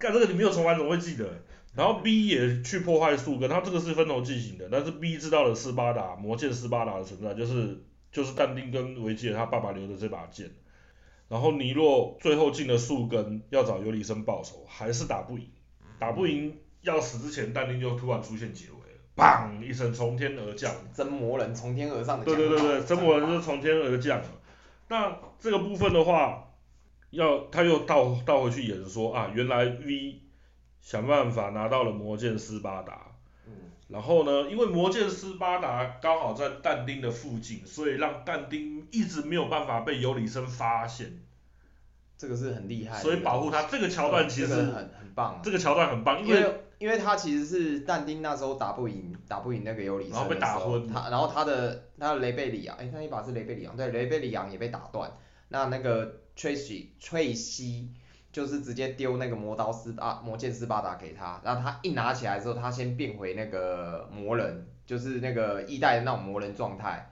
幹 [LAUGHS] 這個你沒有重溫怎麼會記得？然後 B 也去破壞樹根，他這個是分頭進行的，但是 B 知道了斯巴達魔劍斯巴達的存在、就是，就是就是但丁跟維吉的，他爸爸留的這把劍。然後尼洛最後進了樹根，要找尤里森報仇，還是打不贏。打不贏、嗯，要死之前但丁就突然出現解圍了，砰一聲從天而降。真魔人從天而上。對對對對，真魔人是從天而降。那這個部分的話，要他又倒倒回去演說啊，原來 V 想辦法拿到了魔劍斯巴達。嗯。然後呢，因為魔劍斯巴達剛好在但丁的附近，所以讓但丁一直沒有辦法被尤里森發現。這個是很厲害的，所以保護他這個橋段其實很很棒，這個橋、這個、段很棒，因為因為他其實是但丁那時候打不贏打不贏那個尤里，然後被打昏，他然後他的他的雷貝里昂，哎、欸，他一把是雷貝里昂，對，雷貝里昂也被打斷，那那個崔西崔西就是直接丟那個魔刀斯巴、啊、魔劍斯巴達給他，然後他一拿起來之後，他先變回那個魔人，就是那個一代的那種魔人狀態。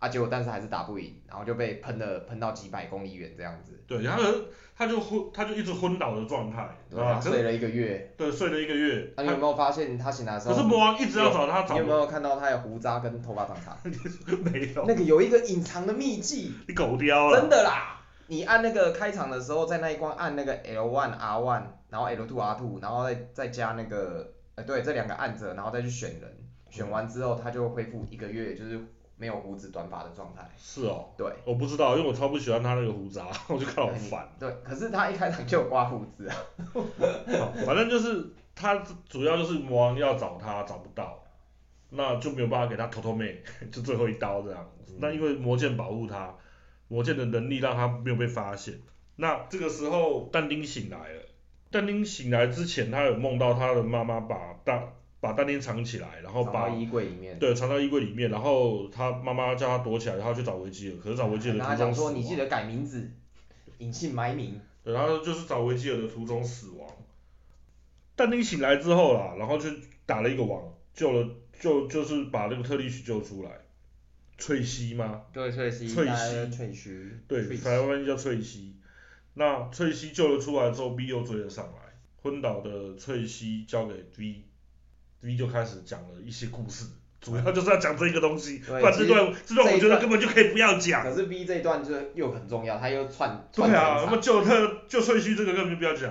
啊！結果但是還是打不贏，然後就被噴了，噴到幾百公里遠這樣子。對，然後、嗯、他就昏，他就一直昏倒的狀態，對吧？啊、睡了一個月。對，睡了一個月。那、啊、你有沒有發現他醒來的時候？不是魔王一直要找他找，你有沒有看到他的胡渣跟頭髮長長？ [LAUGHS] 沒有。那個有一個隱藏的秘技。你狗叼了、啊。真的啦！你按那個開場的時候，在那一關按那個 L one R one，然後 L two R two，然後再再加那個，呃、欸，對，這兩個按着，然後再去選人，嗯、選完之後他就恢復一個月，就是。沒有鬍子短髮的狀態。是哦。對。我不知道，因為我超不喜歡他那個鬍渣、啊，我就看到煩。對，可是他一開場就有刮鬍子啊。 [LAUGHS] 反正就是他主要就是魔王要找他找不到，那就沒有辦法給他偷偷妹，就最後一刀這樣。嗯、那因為魔劍保護他，魔劍的能力讓他沒有被發現。那這個時候但丁醒來了，但丁醒來之前他有夢到他的媽媽把大把丹丁藏起來，然後把對藏到衣櫃裡，裡面，然後他媽媽叫他躲起來，然後去找維吉爾，可是找維吉爾途中、嗯、他講說，你記得改名字，隱姓埋名。對，然後就是找維吉爾的途中死亡。丹丁醒來之後啦，然後就打了一個王，救了，就就是把那個特利許救出來。翠西嗎？對，翠西。翠西，翠西。對，台灣翻譯叫翠西。那翠西救了出來之後 V 又追了上來，昏倒的翠西交給 V。B 就開始講了一些故事，主要就是要講這個東西。嗯、對。不然這段這段，這段我覺得根本就可以不要講。可是 B 這一段就又很重要，他又串。對啊，什麼就特就翠西這個根本就不要講。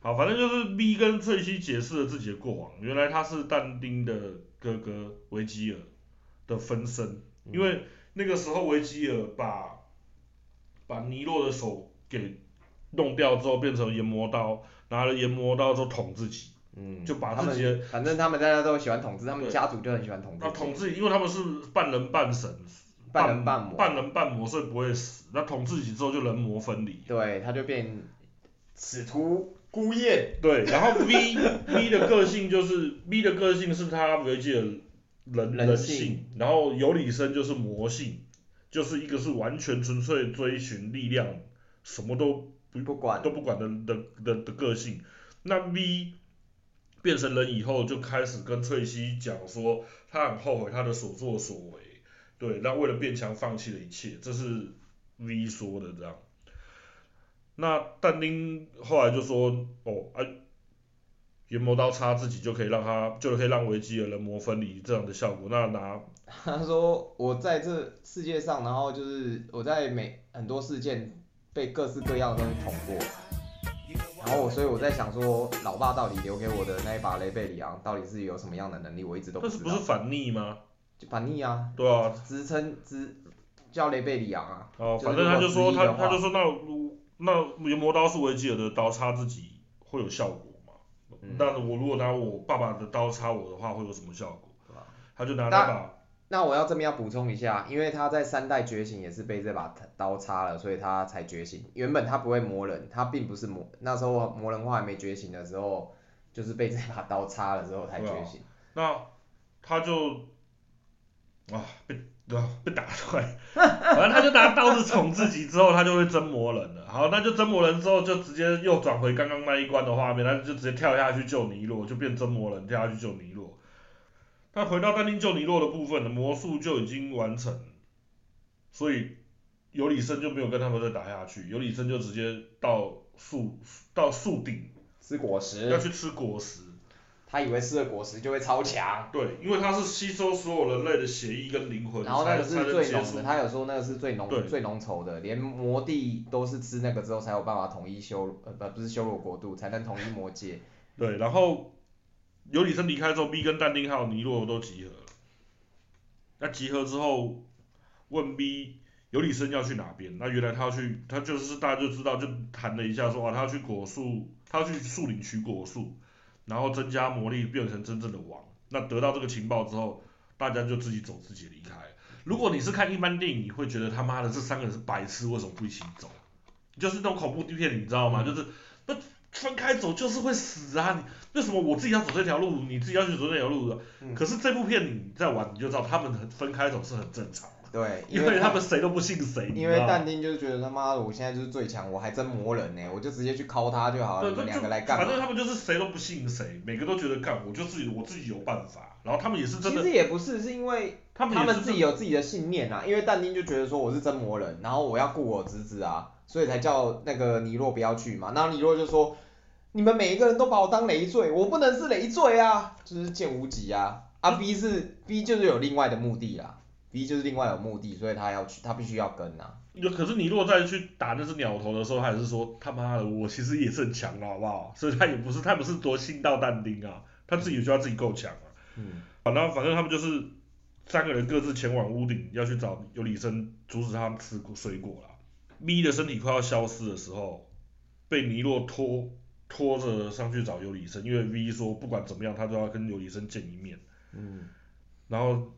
好，反正就是 B 跟翠西解釋了自己的過往。原來他是但丁的哥哥維吉爾的分身，嗯，因為那個時候維吉爾把把尼洛的手給弄掉之後，變成研磨刀，拿了研磨刀之後捅自己。嗯，就把自己的他們，反正他們大家都喜歡統治，他們家族就很喜歡統治。那、啊、統治，因為他們是半人半神，半人半魔，半人半魔所以不會死。那統治之後就人魔分離。對，他就變使徒孤雁。對，然後 V [LAUGHS] V 的個性就是 V 的個性是他唯一的人人性，人性，然後尤里森就是魔性，就是一個是完全純粹的追尋力量，什麼都不不管都不管的的的的個性。那 V 變成人以後就開始跟翠西講說，他很後悔他的所作所為，對，那為了變強放棄了一切，這是 V 說的這樣。那但丁後來就說，哦，啊，閻魔刀插自己就可以讓他就可以讓維吉的人魔分離這樣的效果，那拿他說我在這世界上，然後就是我在每很多事件被各式各樣的東西捅過。然後我，所以我在想說，老爸到底留給我的那一把雷貝里昂，到底是有什麼樣的能力？我一直都不知道。這是不是反逆嗎？就反逆啊，對啊，直稱直，直叫雷貝里昂啊。哦，就是、反正他就說他，他就說那那閻魔刀是維吉爾的刀，插自己會有效果嗎、嗯？那我如果拿我爸爸的刀插我的話，會有什麼效果？對啊、他就拿那把。那我要這邊要補充一下，因為他在三代覺醒也是被這把刀插了，所以他才覺醒。原本他不會魔人，他並不是魔，那時候魔人化還沒覺醒的時候，就是被這把刀插了之後才覺醒。哦、那他就啊被啊被打出來，反 [LAUGHS] 正他就拿刀子捅自己之後， [LAUGHS] 他就會真魔人了。好，那就真魔人之後，就直接又轉回剛剛那一關的畫面，他就直接跳下去救尼洛，就變真魔人跳下去救尼洛。他回到但丁救尼洛的部分，魔術就已經完成，所以尤里森就沒有跟他們再打下去，尤里森就直接到樹到樹頂吃果實，要去吃果實，他以為吃了果實就會超強。對，因為他是吸收所有人類的血液跟靈魂。然後那個是最濃的，他有說那個是最濃對最濃稠的，連魔帝都是吃那個之後才有辦法統一修呃不是修羅國度，才能統一魔界。對，然後。尤里森離開之後，B 跟但丁號、尼洛都集合了。那集合之後，問 B 尤里森要去哪邊？那原來他要去，他就是大家就知道，就談了一下說，啊，他要去果樹，他要去樹林取果樹，然後增加魔力，變成真正的王。那得到這個情報之後，大家就自己走，自己離開。如果你是看一般電影，你會覺得他媽的這三個人是白痴，為什麼不一起走？就是那種恐怖片你知道嗎？嗯、就是不分開走就是會死啊！你為什麼我自己要走這條路，你自己要去走這條路？的、嗯。可是這部片你在玩你就知道，他們分開走是很正常。對，因為，因為他們誰都不信誰。因為但、啊、丁就覺得他媽的，我現在就是最強，我還真魔人呢、欸，我就直接去 call 他就好了，你們兩個來幹嘛？反正他們就是誰都不信誰，每個都覺得幹，我就自己我自己有辦法。然後他們也是真的。其實也不是，是因為他們自己有自己的信念啊。因為但丁就覺得說我是真魔人，然後我要顧我侄子啊。所以才叫那個尼洛不要去嘛，然後尼洛就說，你們每一個人都把我當累贅，我不能是累贅啊，就是見無極啊，啊 B 是 B 就是有另外的目的啦，B 就是另外有目的，所以他要去，他必須要跟啊。可是尼洛在去打那隻鳥頭的時候，他也是說他媽的，我其實也是很強了，好不好？所以他也不是他不是多信道但丁啊，他自己就知道自己夠強啊。嗯。好，然後反正他們就是三個人各自前往屋頂，要去找尤里森阻止他們吃水果了。V 的身體快要消失的時候，被尼洛拖拖着上去找尤里森，因為 V 說不管怎麼樣他都要跟尤里森見一面。嗯。然後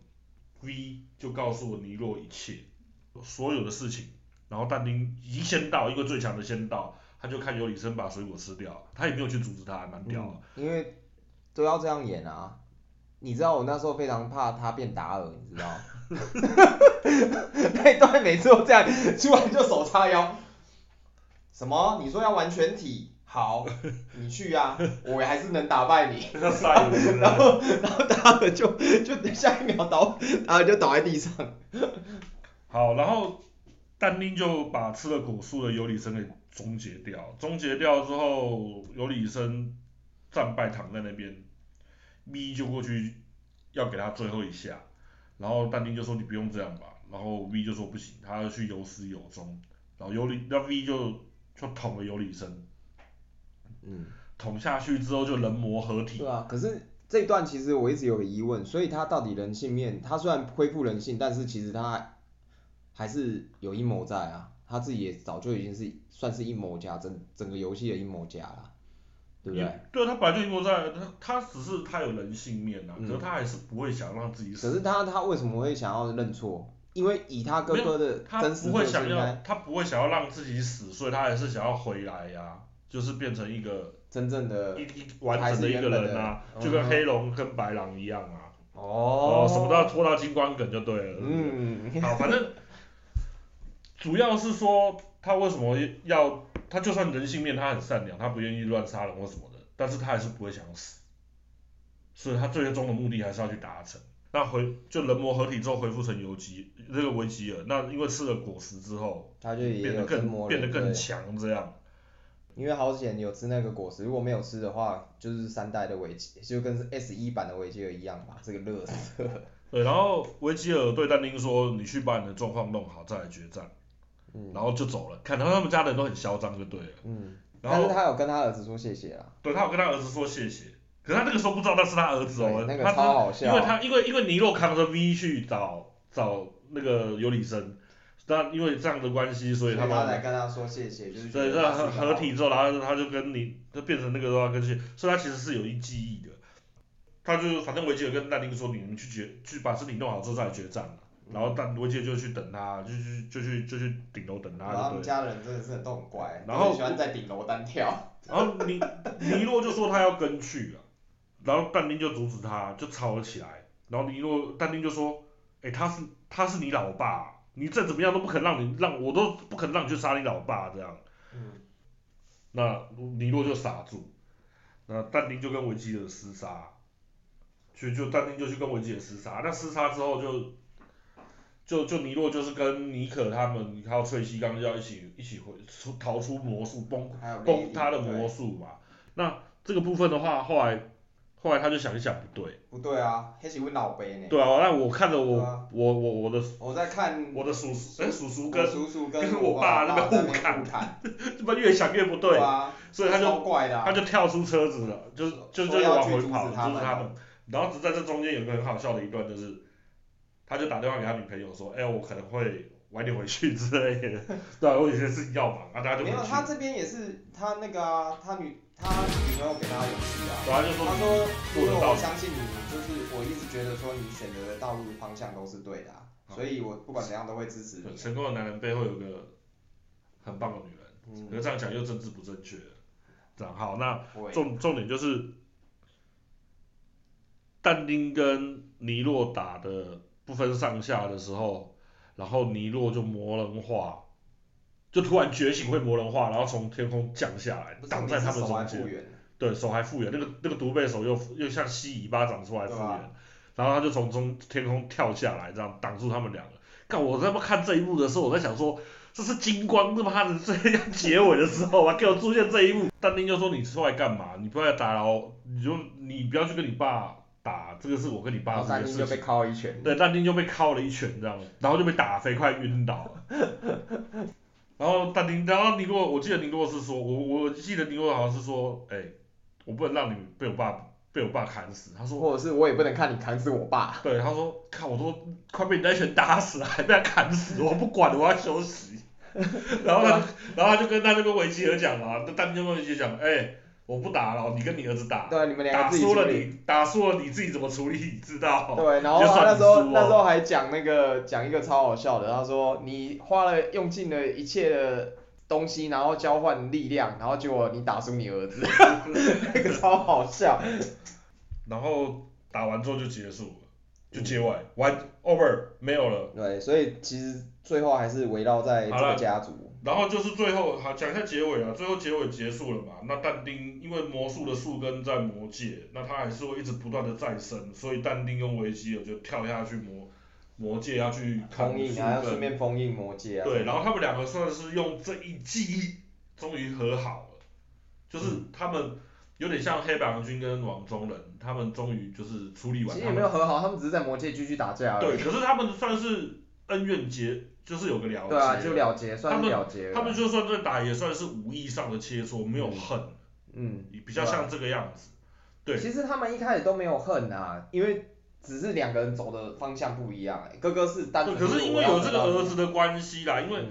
V 就告訴我尼洛一切所有的事情，然後但丁一個仙道，一個最強的仙道，他就看尤里森把水果吃掉，他也沒有去阻止他，還蠻屌的。因為都要這樣演啊！你知道我那時候非常怕他變達爾，你知道。 [LAUGHS] 哈哈哈哈哈！那段每次都這樣，出來就手叉腰。什麼？你說要完全體？好，你去啊，我還是能打敗你。 [LAUGHS] [LAUGHS] 然後，然後他們就就下一秒倒，然後就倒在地上。好，然後但丁就把吃了果樹的尤里森給終結掉，終結掉之後，尤里森戰敗躺在那邊，咪就過去要給他最後一下。然後但丁就說，你不用這樣吧。然後 V 就說不行，他要去有始有終，然後尤里那 V 就就捅了尤里森，捅下去之後就人魔合體。嗯。對啊，可是這段其實我一直有個疑問，所以他到底人性面，他雖然恢復人性，但是其實他還是有陰謀在啊，他自己也早就已經是算是陰謀家，整整個遊戲的陰謀家了。對不對？對，他本來就應該在，他他只是他有人性面了、啊，可是他還是不會想讓自己死。嗯、可是他他為什麼會想要認錯？因為以他哥哥的真實的他不會想要，他不會想要讓自己死，所以他還是想要回來呀、啊，就是變成一個真正的一一，完整的一個人啊，的的就跟黑龍跟白狼一樣啊，哦，什麼都要拖到金光梗就對了。嗯。好，反正 [LAUGHS] 主要是說他為什麼要？他就算人性面，他很善良，他不願意亂殺人或什麼的，但是他還是不會想死，所以他最終的目的還是要去達成。那回就人魔合體之後恢復成遊擊，那、這個維吉爾，那因為吃了果實之後，他就也變得更變得更強這樣。因為好險你有吃那個果實，如果沒有吃的話，就是三代的維吉爾就跟 SE 版的維吉爾一樣吧，這個樂色。 [LAUGHS] 對，然後維吉爾對但丁說：“你去把你的狀況弄好，再來決戰。”嗯、然後就走了，可能他們家的人都很囂張，就對了。嗯，然後。但是他有跟他兒子說謝謝啊。對，他有跟他兒子說謝謝，可是他那個時候不知道那，嗯、是，是他兒子哦。他那個超好笑、啊、因為他因為因為尼洛扛着 V 去找找那個尤里森、嗯，但因為這樣的關係，所以他們來跟他說謝謝，就是。對，他、就、合、是、合體之後、就是，然後他就跟你，就變成那個，跟去，所以他其實是有一記憶的。他就反正維吉爾跟但丁說：“你們去決去把這裡弄好之後再來決戰了。”嗯、然後但維吉就去等他，就去就去就去頂樓等他。然後他們家人真的是都很乖，然後喜歡在頂樓單挑。然後尼 [LAUGHS] 尼洛就說他要跟去啊，然後但丁就阻止他，就吵了起來。然後尼洛但丁就說，哎、欸，他是他是你老爸，你再怎麼樣都不肯讓你讓我都不肯讓你去殺你老爸這樣。嗯。那尼洛就傻住，那但丁就跟維吉爾廝殺，所以就，就但丁就去跟維吉爾廝殺，但廝殺之後就。就就尼洛就是跟妮可他們還有翠西剛要一起一起回逃出魔術崩崩他的魔術嘛，那這個部分的話後來後來他就想一想不對。不對啊，那是我老爸呢、欸。對啊，那我看着我、啊、我我我的。我在看。我的叔叔。我、欸、叔叔叔跟。我跟，叔叔跟因為我爸那邊互砍。這 [LAUGHS] 邊越想越不對。對啊、所以他就、啊、他就跳出車子了，就是就就往回跑，就是他們，然後只在這中間有個很好笑的一段就是。他就打電話給他女朋友說：“哎、欸，我可能會晚點回去之類的， [LAUGHS] [LAUGHS] 對、啊、我有些事情要忙。”啊，大家就沒有他這邊也是他那個、啊、他女他女，他女朋友給他勇氣啊，對、嗯、就說他說，如果我相信你，就是我一直覺得說你選擇的道路方向都是對的、啊嗯，所以我不管怎樣都會支持你、啊。成功的男人背後有個很棒的女人，嗯，這樣講又政治不正確、嗯，這樣好，那重重點就是但丁跟尼洛打的不分上下的時候，然後尼洛就魔人化，就突然覺醒會魔人化，然後從天空降下來，擋在他們中間。對，手還復原，那個那個獨臂手又又像蜥蜴尾巴長出來復原，然後他就從中天空跳下來，這樣擋住他們兩個。看我在不看這一幕的時候，我在想說，這是金光是他媽的這要結尾的時候吧、啊，給我出現這一幕。 [LAUGHS] 但丁就說：“你出來幹嘛？你不要來打擾，你就你不要去跟你爸。”打這個是我跟你爸之間的事情，就對，但丁就被靠了一拳，知道嗎？然後就被打飛，快暈倒了 [LAUGHS] 然，然後但丁，然後尼洛，我記得尼洛是說，我我記得尼洛好像是說，哎，我不能讓你被我爸被我爸砍死，他說，或者是我也不能看你砍死我爸。對，他說，看我都快被你那拳打死了，還被他砍死，我不管，我要休息。 [LAUGHS] 然後他， [LAUGHS] 然後他，然後他就跟他那個維吉爾講了，那但丁就跟維吉爾講，哎、欸。我不打了，你跟你兒子打。對，你們倆打輸了，你打輸了你自己怎麼處理？你知道。對，然後、啊、那時候 [LAUGHS] 那時候還講那個講一個超好笑的，他說你花了用盡了一切的東西，然後交換力量，然後結果你打輸你兒子， [LAUGHS] [LAUGHS] 那個超好笑。然後打完之後就結束了，就接外、嗯、完 over 沒有了。對，所以其實最後還是圍繞在這個家族。然後就是最後，好講一下結尾啊，最後結尾結束了嘛？那但丁因為魔術的樹根在魔界、嗯，那他還是會一直不斷的再生，所以但丁用危機，就跳下去魔魔界要、啊、去封印、啊，然順便封印魔界、啊。對、嗯，然後他們兩個算是用這一擊終於和好了，就是他們有點像黑白郎君跟王中人，他們終於就是處理完他們。其實也沒有和好，他們只是在魔界繼續打架而已。對，可是他們算是恩怨結就是有個了結，對啊、就了結算了結了他們他們就算再打也算是武藝上的切磋，沒有恨，嗯，比較像這個樣子對、啊。對，其實他們一開始都沒有恨啊，因為只是兩個人走的方向不一樣。哥哥是但丁可是因為有這個兒子的關係啦、嗯，因為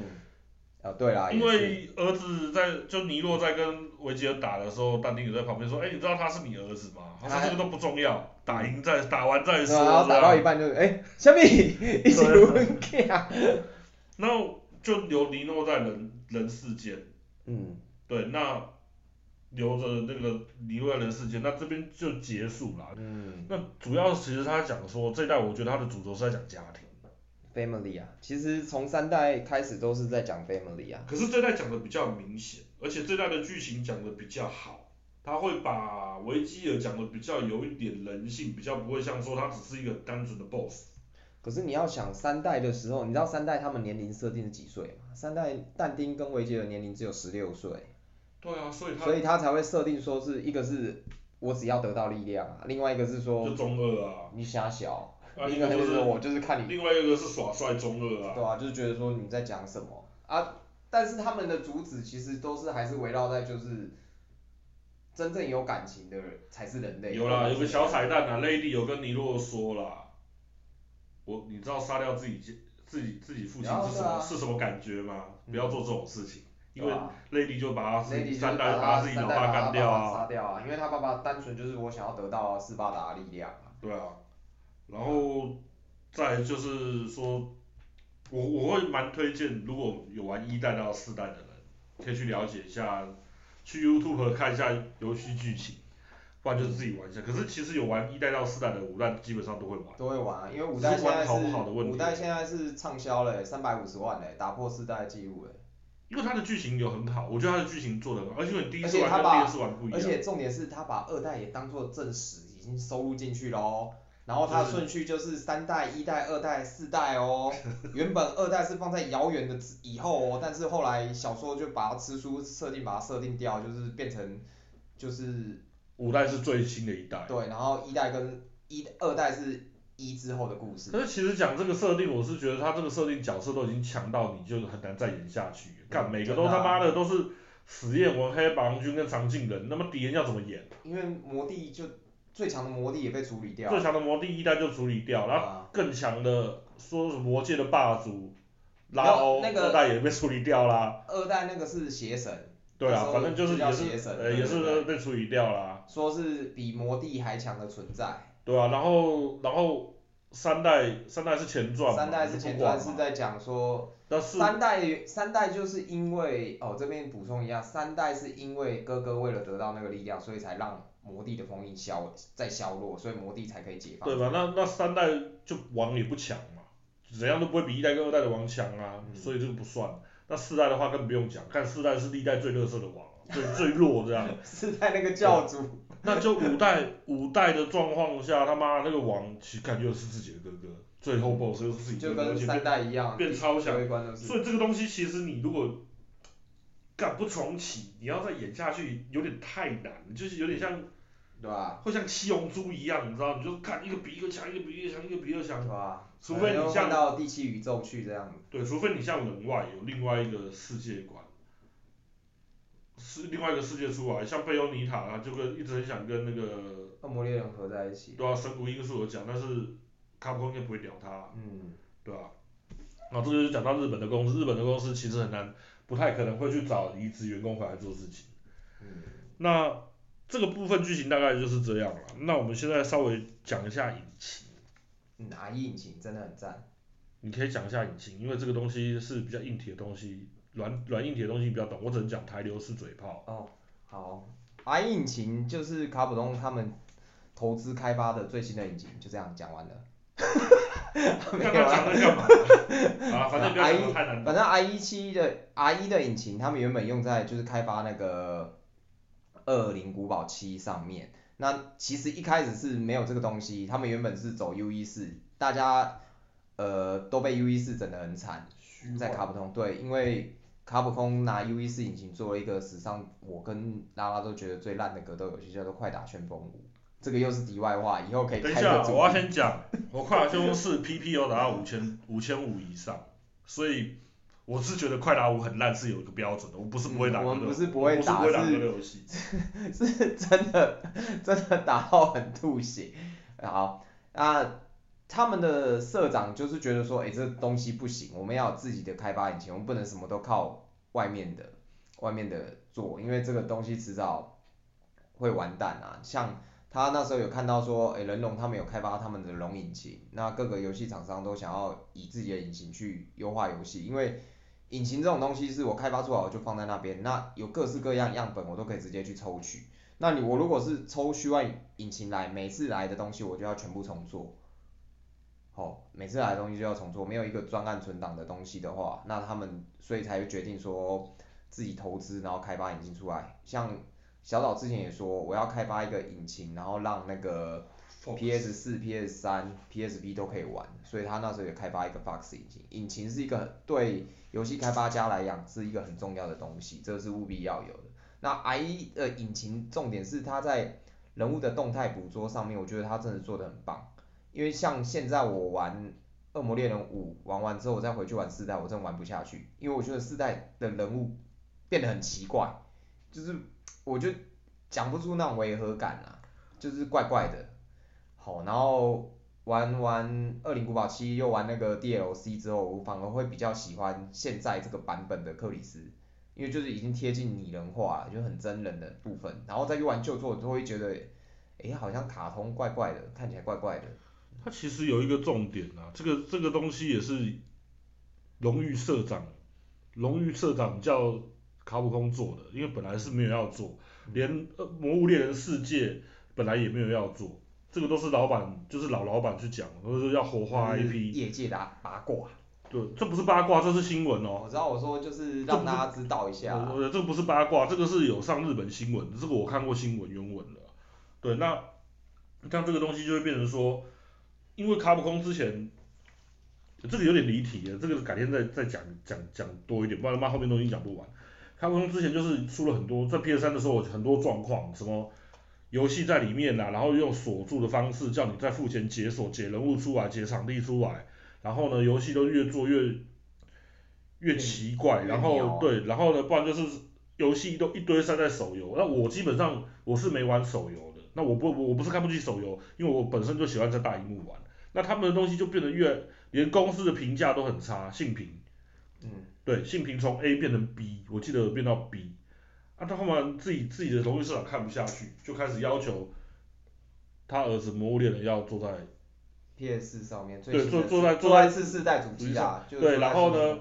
啊對啦，因為兒子在就尼洛在跟維吉爾打的時候，但丁也在旁邊說，哎、欸，你知道他是你兒子嗎？欸、他說這個都不重要，打贏再打完再說、啊。然後打到一半就是，哎，小米一起 run 那就留尼諾在人人世間，嗯，對，那留着那個尼諾在人世間，那這邊就結束了。嗯，那主要其實他講說、嗯、這代，我覺得他的主軸是在講家庭，family 啊，其實從三代開始都是在講 family 啊。可是這代講的比較明顯，而且這代的劇情講的比較好，他會把維基爾講的比較有一點人性，比較不會像說他只是一個單純的 boss。可是你要想三代的時候，你知道三代他們年齡設定是幾歲嗎？三代但丁跟維傑的年齡只有十六歲。對啊，所以他所以他才會設定說是一個是我只要得到力量，另外一個是說就中二啊，你瞎想、啊，另外就是另外一個是耍帥中、啊、中二啊。對啊，就是覺得說你在講什麼啊？但是他們的主旨其實都是還是圍繞在就是真正有感情的人才是人類。有啦，有，有個小彩蛋啊，Lady 有跟尼洛說啦。我，你知道殺掉自己自己自己父親是什麼、啊啊、是什麼感覺嗎？不要做這種事情，嗯、因為蕾蒂就把他自己三代、就是把，把他自己老爸幹掉啊！殺掉啊！因為他爸爸單純就是我想要得到斯巴達的力量、啊。對啊。然後、嗯、再就是說，我我會蠻推薦如果有玩一代到四代的人，可以去了解一下，去 YouTube 和看一下遊戲劇情。不然就是自己玩一下、嗯，可是其實有玩一代到四代的五代基本上都會玩。都會玩啊，因為五代現在是五代現在是暢銷嘞，三百五十萬嘞、欸，打破四代的記錄了。因為它的劇情有很好，我覺得它的劇情做得很好，而且第一作它第二是玩不一樣。而且重點是他把二代也當做正史已經收錄進去嘍，然後它的順序就是三代、一代、二代、四代哦、喔。就是、原本二代是放在遙遠的以後、喔，哦， [LAUGHS] 但是後來小說就把它吃書設定把它設定掉，就是變成就是。五代是最新的一代，嗯、對，然後一代跟一二代是一之後的故事。可是其實講這個設定，我是覺得他這個設定角色都已經強到你就很難再演下去，看、嗯、每個都他媽的都是實驗我黑袍軍跟長勁人、嗯，那麼敵人要怎麼演？因為魔帝就最強的魔帝也被處理掉，最強的魔帝一代就處理掉，啊、然後更強的說是魔界的霸主拉歐、然後那個二代也被處理掉了。二代那個是邪神。對啊，反正就是也是、欸、也是被處理掉了。嗯嗯說是比魔帝還強的存在。對啊，然後然後三代三代是前傳三代是前傳是在講說，三代三代就是因為哦這邊補充一下，三代是因為哥哥為了得到那個力量，所以才讓魔帝的封印消，再削弱，所以魔帝才可以解放。對吧？那那三代就王也不強嘛，怎樣都不會比一代跟二代的王強啊，嗯、所以這個不算。那四代的話更不用講，看四代是歷代最垃圾的王。對最弱這樣， [LAUGHS] 是在那個教主，那就五代五代的狀況下， [LAUGHS] 他媽那個王，其實感覺是自己的哥哥，最後 boss 又是自己的哥哥，就跟三代一樣，變，變超強，就是，所以這個東西其實你如果敢不重啟，你要再演下去有點太難，就是有點像、嗯、對吧、啊，會像七龍珠一樣，你知道，你就敢一個比一個強，一個比一個強，一個比一個強，啊，除非你像到第七宇宙去這樣，對，除非你像人外有另外一個世界觀。嗯是另外一個世界出來，像貝歐尼塔啊，就跟一直很想跟那個惡魔獵人合在一起。對啊，神谷英樹所講，但是卡普空應該不會屌他。嗯。對啊，啊，這個就是講到日本的公司，日本的公司其實很難，不太可能會去找離職員工回來做事情。嗯。那這個部分劇情大概就是這樣了，那我們現在稍微講一下引擎。哪一引擎真的很讚。你可以講一下引擎，因為這個東西是比較硬體的東西。軟軟硬體的東西你比較懂，我只能講台流是嘴炮。哦、oh，好，RE 引擎就是卡普通他們投資開發的最新的引擎，就這樣講完了。剛剛講了什麼？反正 RE 7，yeah, RE, 正的 RE 的引擎，他們原本用在就是開發那個惡靈古堡七上面。那其實一開始是沒有這個東西，他們原本是走 U E 4，大家呃都被 U E 4整得很慘，在卡普通對，因為。嗯卡普空拿 U E 4引擎，做一個史上我跟拉拉都覺得最爛的格鬥遊戲，叫做《快打旋風五》。這個又是題外話，以後可以開。等一下，我要先講，我《快打旋風四》P P 有打到五千五千五以上，所以我是覺得《快打五》很爛是有一個標準的，我不是不會打的，嗯。我們不是不會打，是是真的真的打到很吐血。好，那。他們的社長就是覺得說，哎、欸，這東西不行，我們要有自己的開發引擎，我們不能什麼都靠外面的，外面的做，因為這個東西遲早會完蛋啊。像他那時候有看到說，哎、欸，人龍他們有開發他們的龍引擎，那各個遊戲廠商都想要以自己的引擎去優化遊戲，因為引擎這種東西是我開發出來我就放在那邊，那有各式各樣樣本我都可以直接去抽取。那你我如果是抽虛幻引擎來，每次來的東西我就要全部重做。哦，每次來的東西就要重做，沒有一個專案存檔的東西的話，那他們所以才決定說自己投資，然後開發引擎出來。像小島之前也說，我要開發一個引擎，然後讓那個 PS4、PS3、PSP 都可以玩，所以他那時候也開發一個 Fox 引擎。引擎是一個對遊戲開發家來講是一個很重要的東西，這是務必要有的。那 I 的引擎重點是它在人物的動態捕捉上面，我覺得它真的做得很棒。因為像現在我玩《惡魔獵人5》，玩完之後我再回去玩四代，我真玩不下去，因為我覺得四代的人物變得很奇怪，就是我就講不出那種違和感啊，就是怪怪的。好，然後玩完《惡靈古堡7》又玩那個 DLC 之後，我反而會比較喜歡現在這個版本的克里斯，因為就是已經貼近擬人化了，就很真人的部分。然後再去玩舊作，都會覺得，哎、欸，好像卡通怪怪的，看起來怪怪的。它其實有一個重點啊，這個這個東西也是榮譽社長，榮譽社長叫卡普空做的，因為本來是沒有要做，連呃《魔物獵人世界》本來也沒有要做，這個都是老板，就是老老板去講，都、就是要活化 IP 業界的八卦。對，這不是八卦，這是新聞哦、喔。我知道我說就是讓大家知道一下。這個不，不是八卦，這個是有上日本新聞，這個我看過新聞原文了。對，那像這，這個東西就會變成說。因為卡普空之前，這個有點離題耶，這個改天再再講講講多一點，不然他媽後面東西講不完。卡普空之前就是出了很多，在 PS3 的時候很多狀況，什麼遊戲在裡面啦，然後用鎖住的方式叫你在付錢解鎖，解人物出來，解場地出來，然後呢遊戲都越做越越奇怪，嗯、然後、啊、對，然後呢不然就是遊戲都一堆塞在手遊。那我基本上我是沒玩手遊的，那我不我不是看不起手遊，因為我本身就喜歡在大熒幕玩。那他們的東西就變得越，連公司的評價都很差，信評，嗯，對，信評從 A 變成 B，我記得變到 B，啊，他後面自己自己的榮譽社長看不下去，就開始要求他兒子魔物獵人要坐在 PS 上面，對，坐坐在坐在次世代主機下，對，然後呢，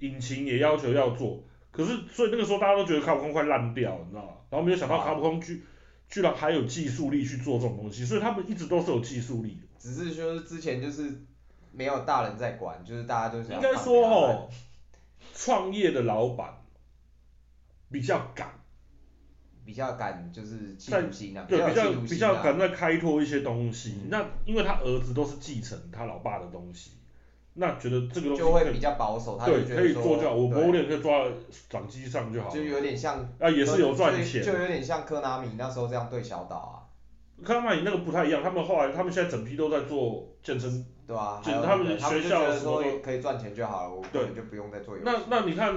引擎也要求要做，嗯、可是所以那個時候大家都覺得卡普空快爛掉了，你知道嗎？然後沒有想到卡普空居、啊、居然還有技術力去做這種東西，所以他們一直都是有技術力。只是說之前就是沒有大人在管，就是大家就是要應該說吼、哦，創業的老板比較敢，比較敢就是、啊，對比較,、啊、比,較比較敢在開拓一些東西，嗯、那因為他兒子都是繼承他老爸的東西，那覺得這個東西就,就會比較保守，他對可以做就好，我某點可以抓掌機上就好，就有點像啊也是有賺錢就，就有點像柯納米那時候這樣對小島啊。他們那個不太一樣，他們後來他們現在整批都在做健身，對啊，對他們學校什麼可以賺錢就好了，對，就不用再做。那那你看，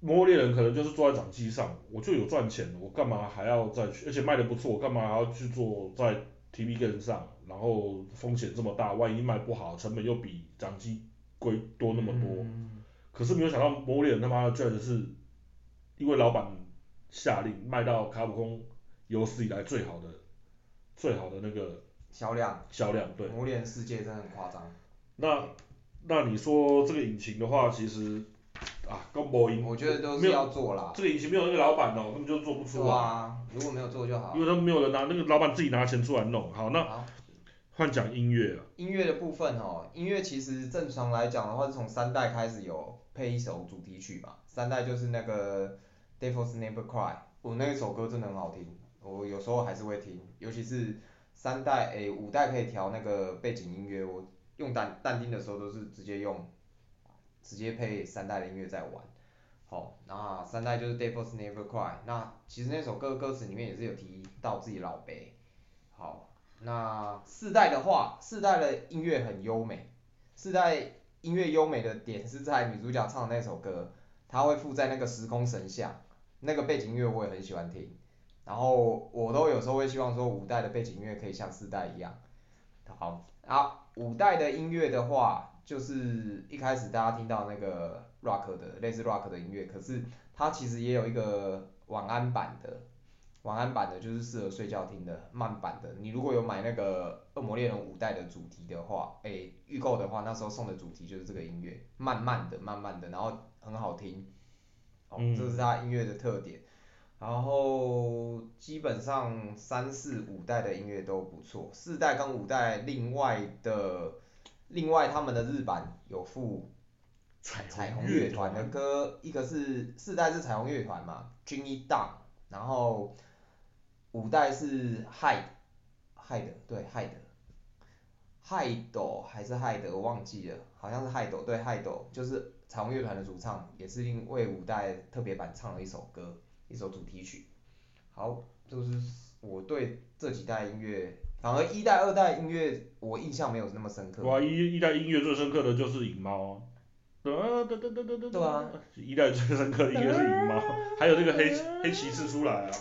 魔物獵人可能就是坐在掌機上，我就有賺錢，我干嘛還要再去？而且賣的不錯，我幹嘛還要去做在 TV Game 上？然後風險這麼大，萬一賣不好，成本又比掌機貴多那麼多，嗯。可是沒有想到魔物獵人他媽的居然是，因為老闆下令賣到卡普空有史以來最好的。最好的那個銷量，銷量對，磨練世界真的很誇張。那那你說這個引擎的話，其實啊，都無引擎，我覺得都是要做啦。這個引擎沒有那個老闆哦、喔，根本就做不出來。啊，如果沒有做就好。因為他們沒有人拿，那個老闆自己拿錢出來弄。好，那換講音樂了。音樂的部分哦、喔，音樂其實正常來講的話，是從三代開始有配一首主題曲嘛。三代就是那個 Devil's Never Cry，我那一首歌真的很好聽。我有時候還是會聽，尤其是三代。誒，五代可以調那個背景音樂，我用但但丁的時候都是直接用，直接配三代的音樂在玩。好，那三代就是《Devils Never Cry》，那其實那首歌歌詞裡面也是有提到自己老北。好，那四代的話，四代的音樂很優美。四代音樂優美的點是在女主角唱的那首歌，她會附在那個時空神像，那個背景音樂我也很喜歡聽。然後我都有時候會希望說五代的背景音樂可以像四代一樣，好啊。五代的音樂的話，就是一開始大家聽到那個 rock 的類似 rock 的音樂，可是它其實也有一個晚安版的，晚安版的就是適合睡覺聽的慢版的。你如果有買那個《惡魔獵人》五代的主題的話，誒，預購的話那時候送的主題就是這個音樂，慢慢的、慢慢的，然後很好聽，哦，這是它音樂的特點。然後基本上三四五代的音樂都不錯，四代跟五代另外的另外他們的日版有附彩虹樂團的歌，一個是四代是彩虹樂團嘛，軍一檔，然後五代是 hide、嗯、hide 對 hide hide 鬥還是 hide 我忘記了，好像是 hide 鬥，對 hide 鬥就是彩虹樂團的主唱，也是因為五代特別版唱了一首歌。一首主題曲，好，就是我對這幾代音樂，反而一代、二代音樂我印象沒有那麼深刻。哇，一一代音樂最深刻的就是影貓、啊啊得得得得，對啊，一代最深刻的音樂是影貓，還有那個黑、呃、黑騎士出來、啊，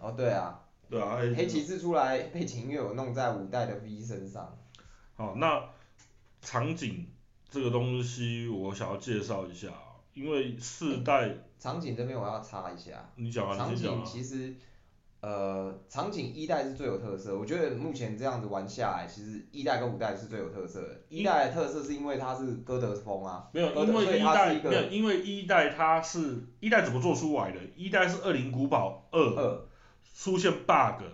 哦對啊，對啊，黑騎士出來背景音樂我弄在五代的 V 身上。好，那場景這個東西我想要介紹一下，因為四代、嗯。場景這邊我要插一下，你講啊、場景其實、啊，呃，場景一代是最有特色，我覺得目前這樣子玩下來，其實一代跟五代是最有特色的。一代的特色是因為它是哥德風啊哥德。沒有，因為一代沒有，因為一代它是，一代怎麼做出來的？一代是惡靈古堡二出現 bug，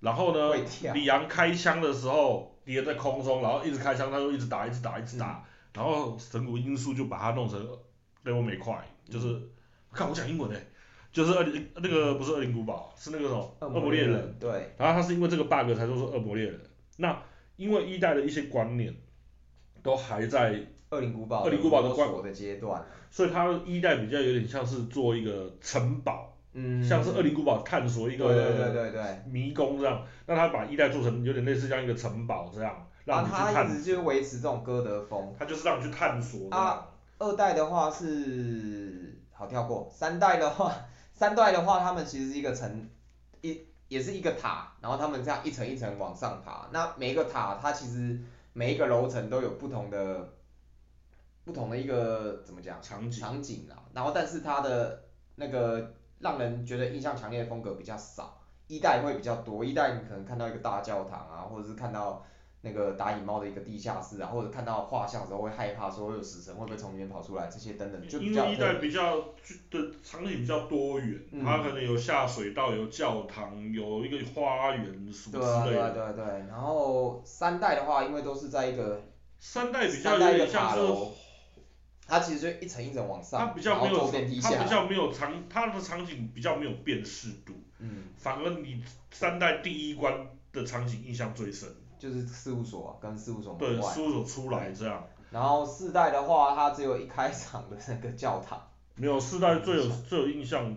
然後呢，里昂開槍的時候跌在空中，然後一直開槍，他就一直打，一直打，一直打，嗯、然後神谷英樹就把它弄成被我每塊，就是。嗯看我講英文呢、欸，就是惡靈那個不是惡靈古堡，嗯，是那個什麼惡魔獵人，人，對，然後他是因為這個 bug 才說是惡魔獵人，那因為一代的一些觀念，都還在惡靈古堡惡靈古堡的探的，的階段，所以他一代比較有點像是做一個城堡，嗯，像是惡靈古堡探索一個迷宮這樣對對對對，那他把一代做成有點類似像一個城堡這樣，讓你去探，啊、一直就維持這種哥德風，他就是讓你去探索。啊，二代的話是。好跳過三代的話，三代的話，他們其實是一個層一也是一個塔，然後他們這樣一層一層往上爬。那每一個塔，它其實每一個樓層都有不同的不同的一個怎麼講場景場景啊。然後但是它的那個讓人覺得印象強烈的風格比較少，一代會比較多。一代你可能看到一個大教堂啊，或者是看到。那個打野貓的一個地下室，然後看到畫像之後會害怕，說有死神會不會從裡面跑出來，這些等等就因為一代比較的場景比較多元、嗯，它可能有下水道，有教堂，有一個花園、嗯、什麼之類的。對、啊、對、啊、對、啊、對、啊對、啊對啊，然後三代的話，因為都是在一個。三代比較有點像是。它其實就一層一層往上，它比較沒有，它比較沒有場，它的場景比較沒有辨識度。嗯。反而你三代第一關的場景印象最深。就是事務所、啊、跟事務所門外、啊，對，事務所出來這樣。然後四代的話，他只有一開場的那個教堂。嗯、沒有四代最有最有印象，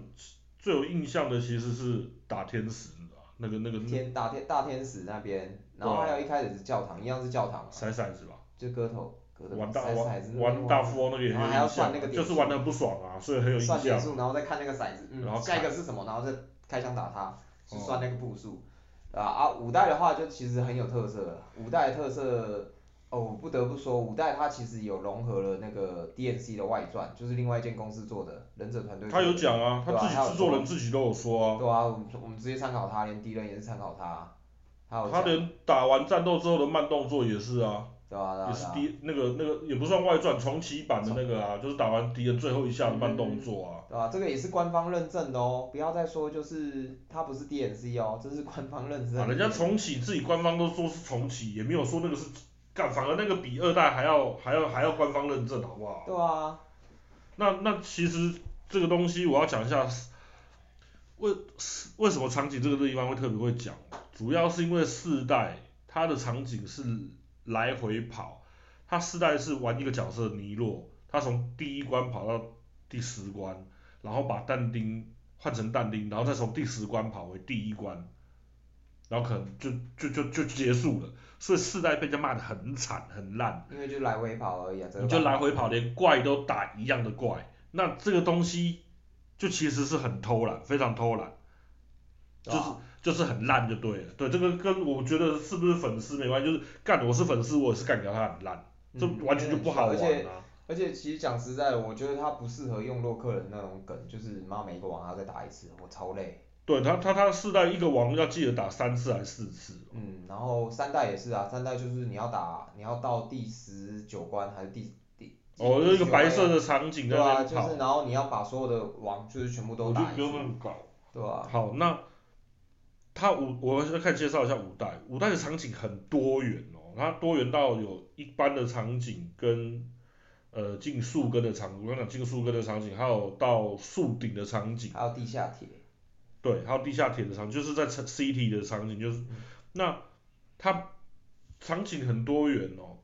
最有印象的其實是打天使，那、嗯、個那個。那個、天打天大天使那邊，然後還有一開始是教堂，啊、一樣是教堂。骰子吧，就割頭。玩大富翁。玩大富翁那個也還要算那個點數，就是玩的不爽啊，所以很有印象。算點數，然後再看那個骰子，嗯、然後下一個是什麼，然後再開槍打他，算那個步數。嗯啊啊！五代的話就其實很有特色，五代的特色哦，我不得不說，五代它其實有融合了那個 DMC 的外傳，就是另外一間公司做的忍者團隊。他有講啊，啊，他自己製作人自己都有說啊。對啊，我們，我們直接參考他，連敵人也是參考他，他有。他連打完戰鬥之後的慢動作也是啊。對啊，對啊，對啊。也是第那個那個也不算外傳，重啟版的那個啊，就是打完敵人最後一下的慢動作啊，嗯。對啊，這個也是官方認證的哦，不要再說就是它不是 DMC 哦，這是官方認證的，啊。人家重啟自己官方都說是重啟，也沒有說那個是干，反而那個比二代還要還要還要官方認證，好不好？對啊。那那其實這個東西我要講一下，為為什麼場景這個地方會特別會講，主要是因為四代它的場景是。來回跑，他四代是玩一個角色的尼洛，他從第一關跑到第十關，然後把但丁換成但丁，然後再從第十關跑回第一關，然後可能就就就就結束了。所以四代被他罵的很慘很爛，因為就來回跑而已啊。你就來回跑，連怪都打一樣的怪，那這個東西就其實是很偷懶，非常偷懶，就是。哦就是很爛，就對了，對，這個跟我覺得是不是粉絲沒關係，就是幹，我是粉絲、嗯，我也是幹，覺得他很爛、嗯，這完全就不好玩、啊、而且而且其實講實在的，我覺得他不適合用洛克人那種梗，就是媽每個王要再打一次，我超累。對、嗯、他，他他四代一個王要記得打三次還是四次。嗯，然後三代也是啊，三代就是你要打，你要到第十九關還是第第。哦第一，就一個白色的場景對吧、啊？就是然後你要把所有的王就是全部都打一。打就不搞。對吧、啊啊？好，那。他五，我們再看介紹一下五代。五代的場景很多元哦，它多元到有一般的場景跟呃近樹根的場景，我剛講近樹根的場景，還有到樹頂的場景。還有地下鐵。對，還有地下鐵的場，就是在 city 的場景，就是那它場景很多元哦。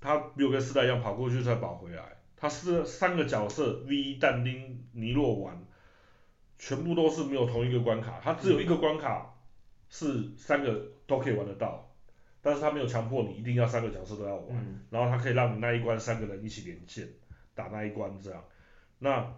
他沒有跟四代一樣跑過去才跑回來，他是三個角色：V 但丁、尼洛瓦。全部都是沒有同一個關卡，它只有一個關卡是三個都可以玩得到，嗯、但是它沒有強迫你一定要三個角色都要玩，嗯、然後它可以讓你那一關三個人一起連線打那一關這樣。那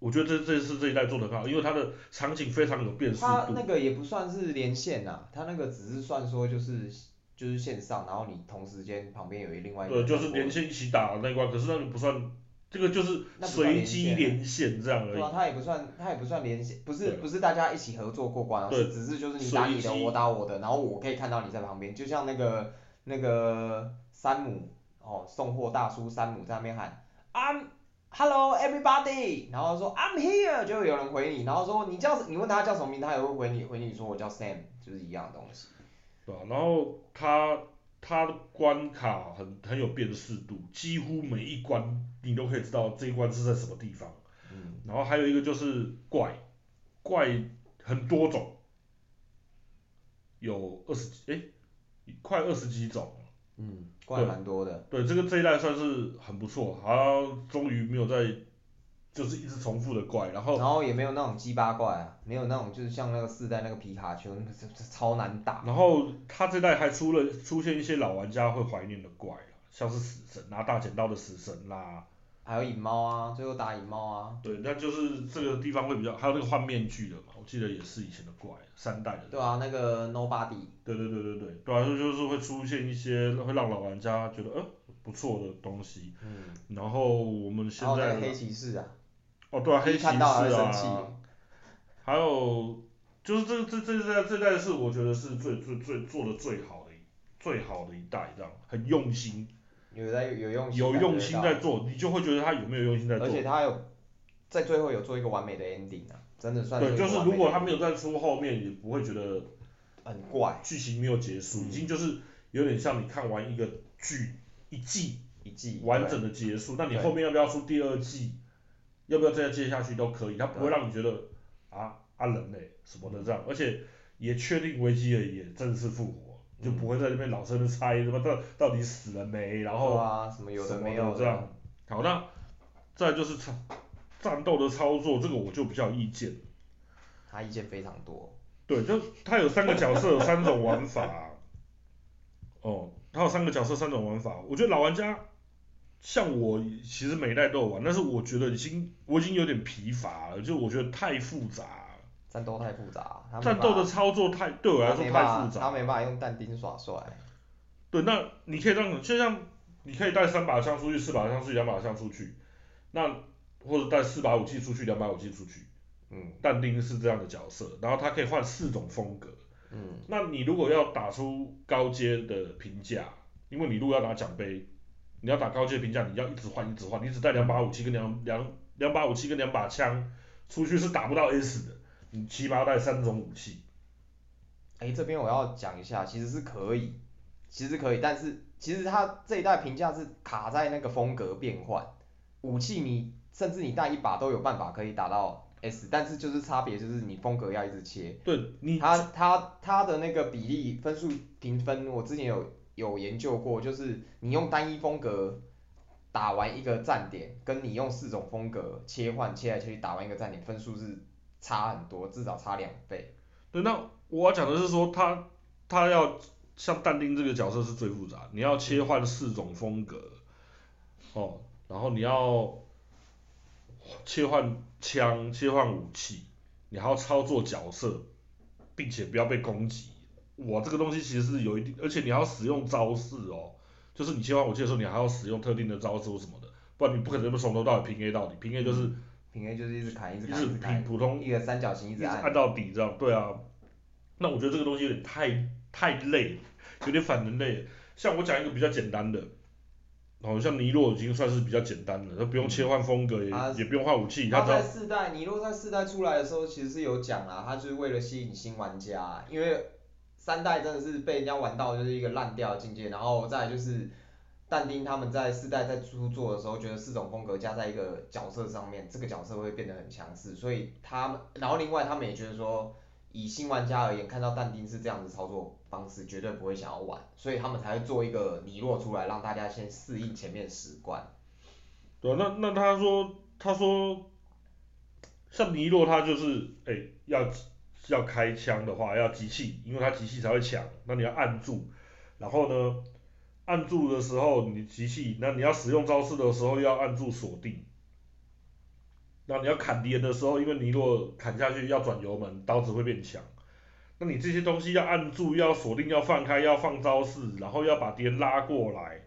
我覺得這這次這一代做得很好，因為它的場景非常有辨識度。它、嗯、那個也不算是連線啊，它那個只是算說就是就是線上，然後你同時間旁邊有一另外一個。對，就是連線一起打的那一關，嗯、可是那個不算。這個就是隨機連線這樣而已。 [NOISE] 對啊，他也不算，他也不算連線，不是不是大家一起合作過關，是只是就是你打你的，我打我的，然後我可以看到你在旁邊，就像那個那個山姆哦，送貨大叔山姆在那邊喊，I'm hello everybody，然後說 I'm here，就會有人回你，然後說你叫你問他叫什麼名，他也會回你回你說我叫 Sam，就是一樣的東西。對啊，然後他。它的關卡很很有辨識度，幾乎每一關你都可以知道這一關是在什麼地方。嗯。然後還有一個就是怪，怪很多種，有二十幾，哎，快二十幾種。嗯。怪蠻多的。對，這個這一代算是很不錯，好像終於沒有在。就是一直重複的怪，然後然後也沒有那種雞巴怪啊，沒有那種就是像那個四代那個皮卡丘，是是超難打。然後他這代還出了出現一些老玩家會懷念的怪啊，像是死神拿、啊、大剪刀的死神啦、啊，還有影貓啊，最後打影貓啊。對，那就是這個地方會比較，還有那個換面具的嘛，我記得也是以前的怪，三代的。對啊，那個 Nobody。對，對對對對對，對啊，就是會出現一些會讓老玩家覺得呃、欸、不錯的東西。嗯。然後我們現在。還有那個黑騎士啊。哦，對啊，黑騎士啊，還有就是這這這這這代是我覺得是最最最做的最好的一最好的一代，這樣很用心。有在有用心。有用心在做，你就會覺得他有沒有用心在做。而且他有在最後有做一個完美的 ending 啊，真的算。對，就是如果他沒有再出後面，你不會覺得。很怪。劇情沒有結束，已經就是有點像你看完一個劇一季一季完整的結束，那你後面要不要出第二季？要不要這樣接下去都可以，他不會讓你覺得、嗯、啊，啊人嘞什麼的這樣，而且也確定維吉爾也正式復活、嗯，就不會在這邊老是猜什麼到底到底死了沒，然後什麼有沒有這樣。的的好那再就是操戰鬥的操作，這個我就比較有意見。他意見非常多。對，就他有三個角色，有三種玩法。 [LAUGHS] 哦，他有三個角色，三種玩法，我覺得老玩家。像我其實每代都有玩，但是我覺得已經我已經有點疲乏了，就我覺得太複雜了，戰鬥太複雜，戰鬥的操作太，對我來說太複雜，他沒辦法用但丁耍帥，對，那你可以這樣，就像你可以帶三把槍出去，四把槍出去，兩把槍出去，那或者帶四把武器出去，兩把武器出去，嗯，但丁是這樣的角色，然後他可以換四種風格，嗯，那你如果要打出高階的評價，因為你如果要拿獎杯。你要打高階評價，你要一直換，一直換，你只帶兩把武器跟兩兩兩把武器跟兩把槍出去是打不到 S 的，你起碼帶三種武器。誒、欸，這邊我要講一下，其實是可以，其實可以，但是其實它這一代評價是卡在那個風格變換，武器你甚至你帶一把都有辦法可以打到 S，但是就是差別就是你風格要一直切。對，你。它它它的那個比例分數評分，我之前有。有研究過，就是你用單一風格打完一個站點，跟你用四種風格切換切來切去打完一個站點，分數是差很多，至少差兩倍。對，那我要講的是說，他他要像但丁這個角色是最複雜，你要切換四種風格、嗯，哦，然後你要切換槍、切換武器，你還要操作角色，並且不要被攻擊。哇，這個東西其實是有一定，而且你要使用招式哦，就是你切換武器的時候，你還要使用特定的招式或什麼的，不然你不可能那麼從頭到尾平 A 到底，平 A 就是平 A 就是一直砍一直砍，是普通一個三角形一直按，一直按到底，這樣，對啊，那我覺得這個東西有點太太累，有點反人類。像我講一個比較簡單的，好像尼洛已經算是比較簡單的，他不用切換風格，也、嗯、也不用換武器。他在四代尼洛在四代出來的時候，其實是有講啦，他就是為了吸引新玩家，因為。三代真的是被人家玩到就是一個爛掉的境界，然後再來就是但丁他們在四代在出作的時候，覺得四種風格加在一個角色上面，這個角色會變得很強勢，所以他們，然後另外他們也覺得說，以新玩家而言，看到但丁是這樣子操作方式，絕對不會想要玩，所以他們才會做一個尼洛出來，讓大家先適應前面十關。對啊，那那他說他說，像尼洛他就是誒、欸、要。要開槍的話要集氣，因為它集氣才會強，那你要按住，然後呢，按住的時候你集氣，那你要使用招式的時候要按住鎖定，那你要砍敵人的時候，因為你如果砍下去要轉油門，刀子會變強，那你這些東西要按住、要鎖定、要放開、要放招式，然後要把敵人拉過來，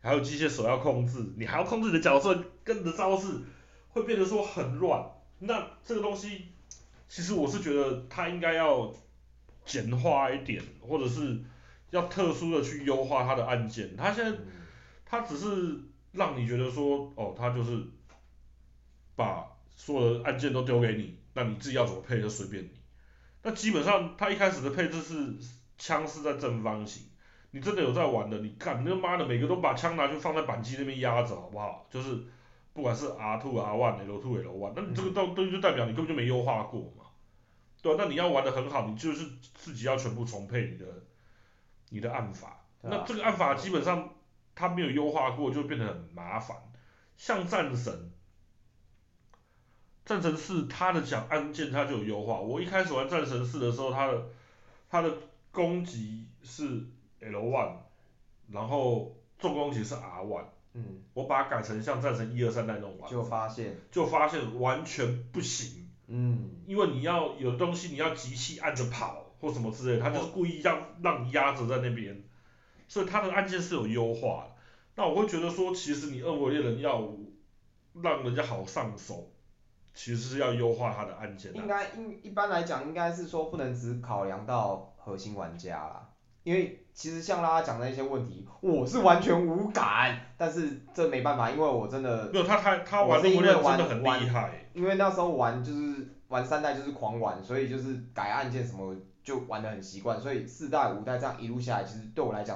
還有機械手要控制，你還要控制你的角色跟你的招式，會變得說很亂，那這個東西。其實我是覺得他應該要簡化一點，或者是要特殊的去優化他的按鍵。他現在他只是讓你覺得說，哦，他就是把所有的按鍵都丟給你，那你自己要怎麼配就隨便你。那基本上他一開始的配置是槍是在正方形。你真的有在玩的，你看你他媽的每個都把槍拿去放在扳機那邊壓着好不好？就是不管是 R two R one L two L one，那你這個都都、嗯、就代表你根本就沒優化過嘛。對、啊，那你要玩得很好，你就是自己要全部重配你的，你的按法、啊。那這個按法基本上他沒有優化過，就變得很麻煩。像戰神，戰神四他的講按鍵，他就有優化。我一開始玩戰神四的時候它的，他的他的攻擊是 L1，然後重攻擊是 R1。嗯。我把它改成像戰神一二三那種玩。就發現。就發現完全不行。嗯，因為你要有東西，你要集氣按着跑，或什麼之類的，他就是故意讓讓壓着在那邊，所以他的按鍵是有優化的。那我會覺得說，其實你惡魔獵人要讓人家好上手，其實是要優化他的按鍵。應該應，一般來講，應該是說不能只考量到核心玩家啦，因為其實像拉拉講那些問題，我是完全無感， [LAUGHS] 但是這沒辦法，因為我真的沒有他他他玩惡魔獵人真的很厲害。因為那時候玩就是玩三代就是狂玩，所以就是改按鍵什麼就玩的很習慣，所以四代五代這樣一路下來，嗯、其實對我來講，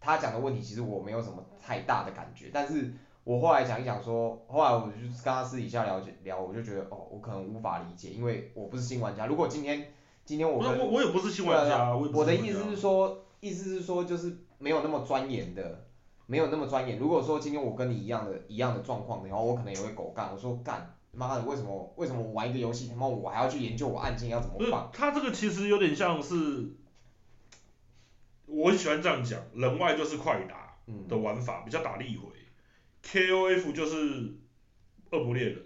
他講的問題其實我沒有什麼太大的感覺，但是我後來想一想說，後來我就是跟他私底下了解聊，我就覺得哦，我可能無法理解，因為我不是新玩家。如果今天今天我我我也，啊、我也不是新玩家，我的意思是說意思是說就是沒有那麼鑽研的，沒有那麼鑽研。如果說今天我跟你一樣的一樣的狀況，然後我可能也會狗幹，我說幹。媽的，為什麼為什麼我玩一個遊戲他媽我還要去研究我按鍵要怎麼放？不，他這個其實有點像是，我喜歡這樣講，人外就是快打的玩法，嗯、比較打立回，KOF 就是惡不獵的，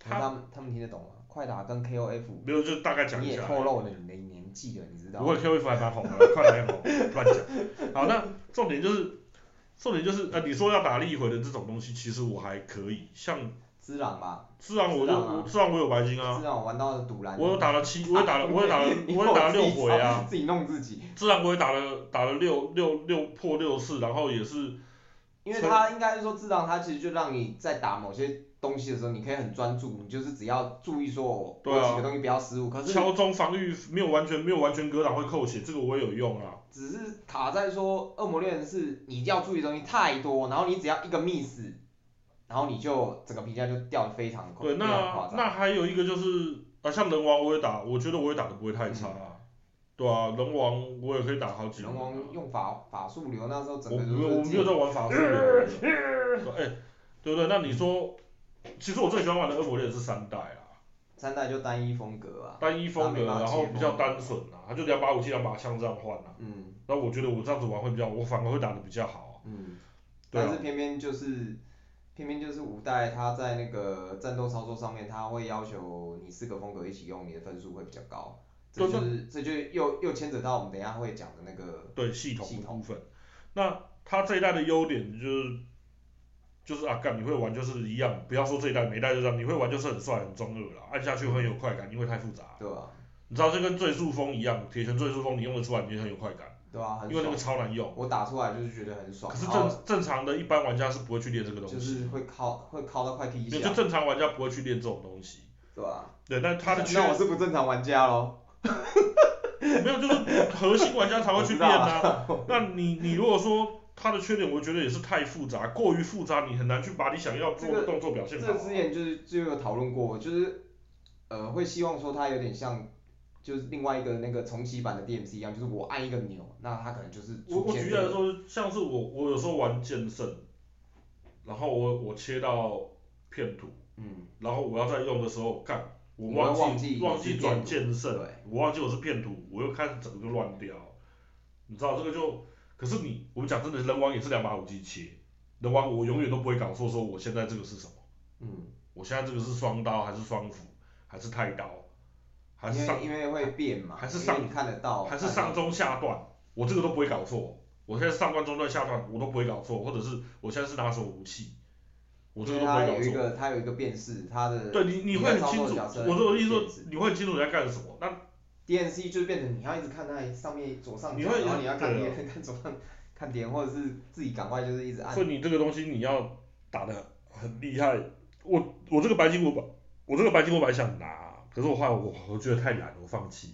他們他們聽得懂嗎快打跟 KOF？沒有，就大概講一下。也透露了你的年紀了，你知道嗎？因為。 [LAUGHS] 不過 KOF 還蠻紅的，快打也紅，亂講。好，那重點就是，重點就是，呃，你說要打立回的這種東西，其實我還可以，像。只狼吧，只狼我就，只狼、啊、我，我，我有白金啊。只狼我玩到了賭藍。我打了七，我有打了，我打了，我打了，、啊、我打了， [LAUGHS] 我打了六回啊。自己弄自己。只狼我也打了，打了六六六破六次，然後也是。因為他應該是說只狼，他其實就讓你在打某些東西的時候，你可以很專注，你就是只要注意說我。對啊。某東西不要失誤，啊、可是。敲鐘防禦沒有完全沒有完全格擋會扣血，這個我也有用啊。只是卡在說，惡魔獵人是你要注意的東西太多，然後你只要一個 miss。然後你就整個評價就掉的非常快，對，那那還有一個就是，啊，像人王我也打，我覺得我也打的不會太差啊、嗯。對啊，人王我也可以打好幾個。人王用法法術流那時候整個。我們我沒有在玩法術流、嗯對欸。對不對？那你說、嗯，其實我最喜歡玩的惡魔獵人是三代啊。三代就單一風格啊。單一風格，然後比較單純啊，他就兩把武器、兩把槍這樣換啊。嗯。那我覺得我這樣子玩會比較，我反而會打得比較好、啊。嗯、啊。但是偏偏就是。偏偏就是五代，他在那個戰鬥操作上面，他會要求你四個風格一起用，你的分數會比較高。這就是、這就是又又牽扯到我們等一下會講的那個對系統，對系統的部分。那他這一代的優點就是就是啊幹，你會玩就是一樣，不要說這一代，每代就這樣，你會玩就是很帥很中二了，按下去會很有快感，因為太複雜。對吧、啊？你知道這跟最速風一樣，鐵拳最速風你用得出來，你就很有快感。對啊，因為那個超難用，我打出來就是覺得很爽。可是正正常的一般玩家是不會去練這個東西。就是會考，會考到快踢牆。就正常玩家不會去練這種東西。對吧、啊？對，但他的缺。那我是不正常玩家咯 [LAUGHS] [LAUGHS] 沒有，就是核心玩家才會去練啊。那你你如果說他的缺點，我覺得也是太複雜，過於複雜，你很難去把你想要做的動作表現出來、這個、這之前就是就有討論過，就是呃，會希望說它有點像。就是另外一個那個重啟版的 DMC 一樣，就是我按一個鈕，那它可能就是、這個。我我舉起來的時候，像是我我有時候玩劍聖，然後我我切到片土，嗯，然後我要再用的時候，幹，我忘記忘記轉劍聖，欸，我忘記我是片土，我又開始整個亂掉，你知道這個就，可是你我們講真的，人王也是兩把武器切，人王我永遠都不會搞錯說我現在這個是什麼，嗯，我現在這個是雙刀還是雙斧還是太刀？還是上因為，因為會變嘛，還是上因為看得到，還是上中下段，嗯、我這個都不會搞錯，嗯、我現在上段中段下段我都不會搞錯，或者是我現在是拿什麼武器，我這個都不會搞錯。他有一個，他有一個辨識，他的。對，你你會，你會很清楚，我說我意思說，你會很清楚你在幹什麼。那 DMC 就是變成你要一直看在上面左上角，你會然後你要看點看左上，看點或者是自己趕快就是一直按。所以你這個東西你要打得很厲害，我我這個白金我把，我這個白金我本來想拿。可是我換我我覺得太難了，我放棄。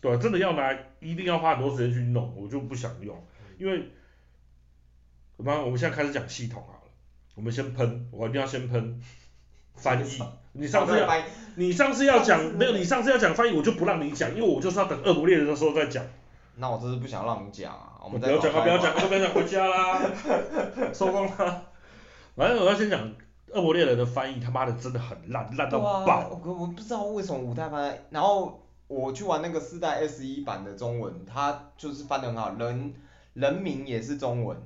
對、啊，真的要拿，一定要花很多時間去弄，我就不想用。因為，什麼？我們現在開始講系統好了。我們先噴，我一定要先噴。翻譯，你上次要，白白白你上次要講沒有？你上次要講翻譯，我就不讓你講，因為我就是要等惡魔獵人的時候再講。那我真是不想讓你講啊。我們不要講啊，不要講啊，不要講， [LAUGHS] 要要回家啦， [LAUGHS] 收工啦、啊。反正我要先講。惡魔獵人的翻譯他媽的真的很爛，爛到爆、啊。我不知道為什麼五代翻，然後我去玩那個四代 SE 版的中文，它就是翻得很好，人、人名也是中文，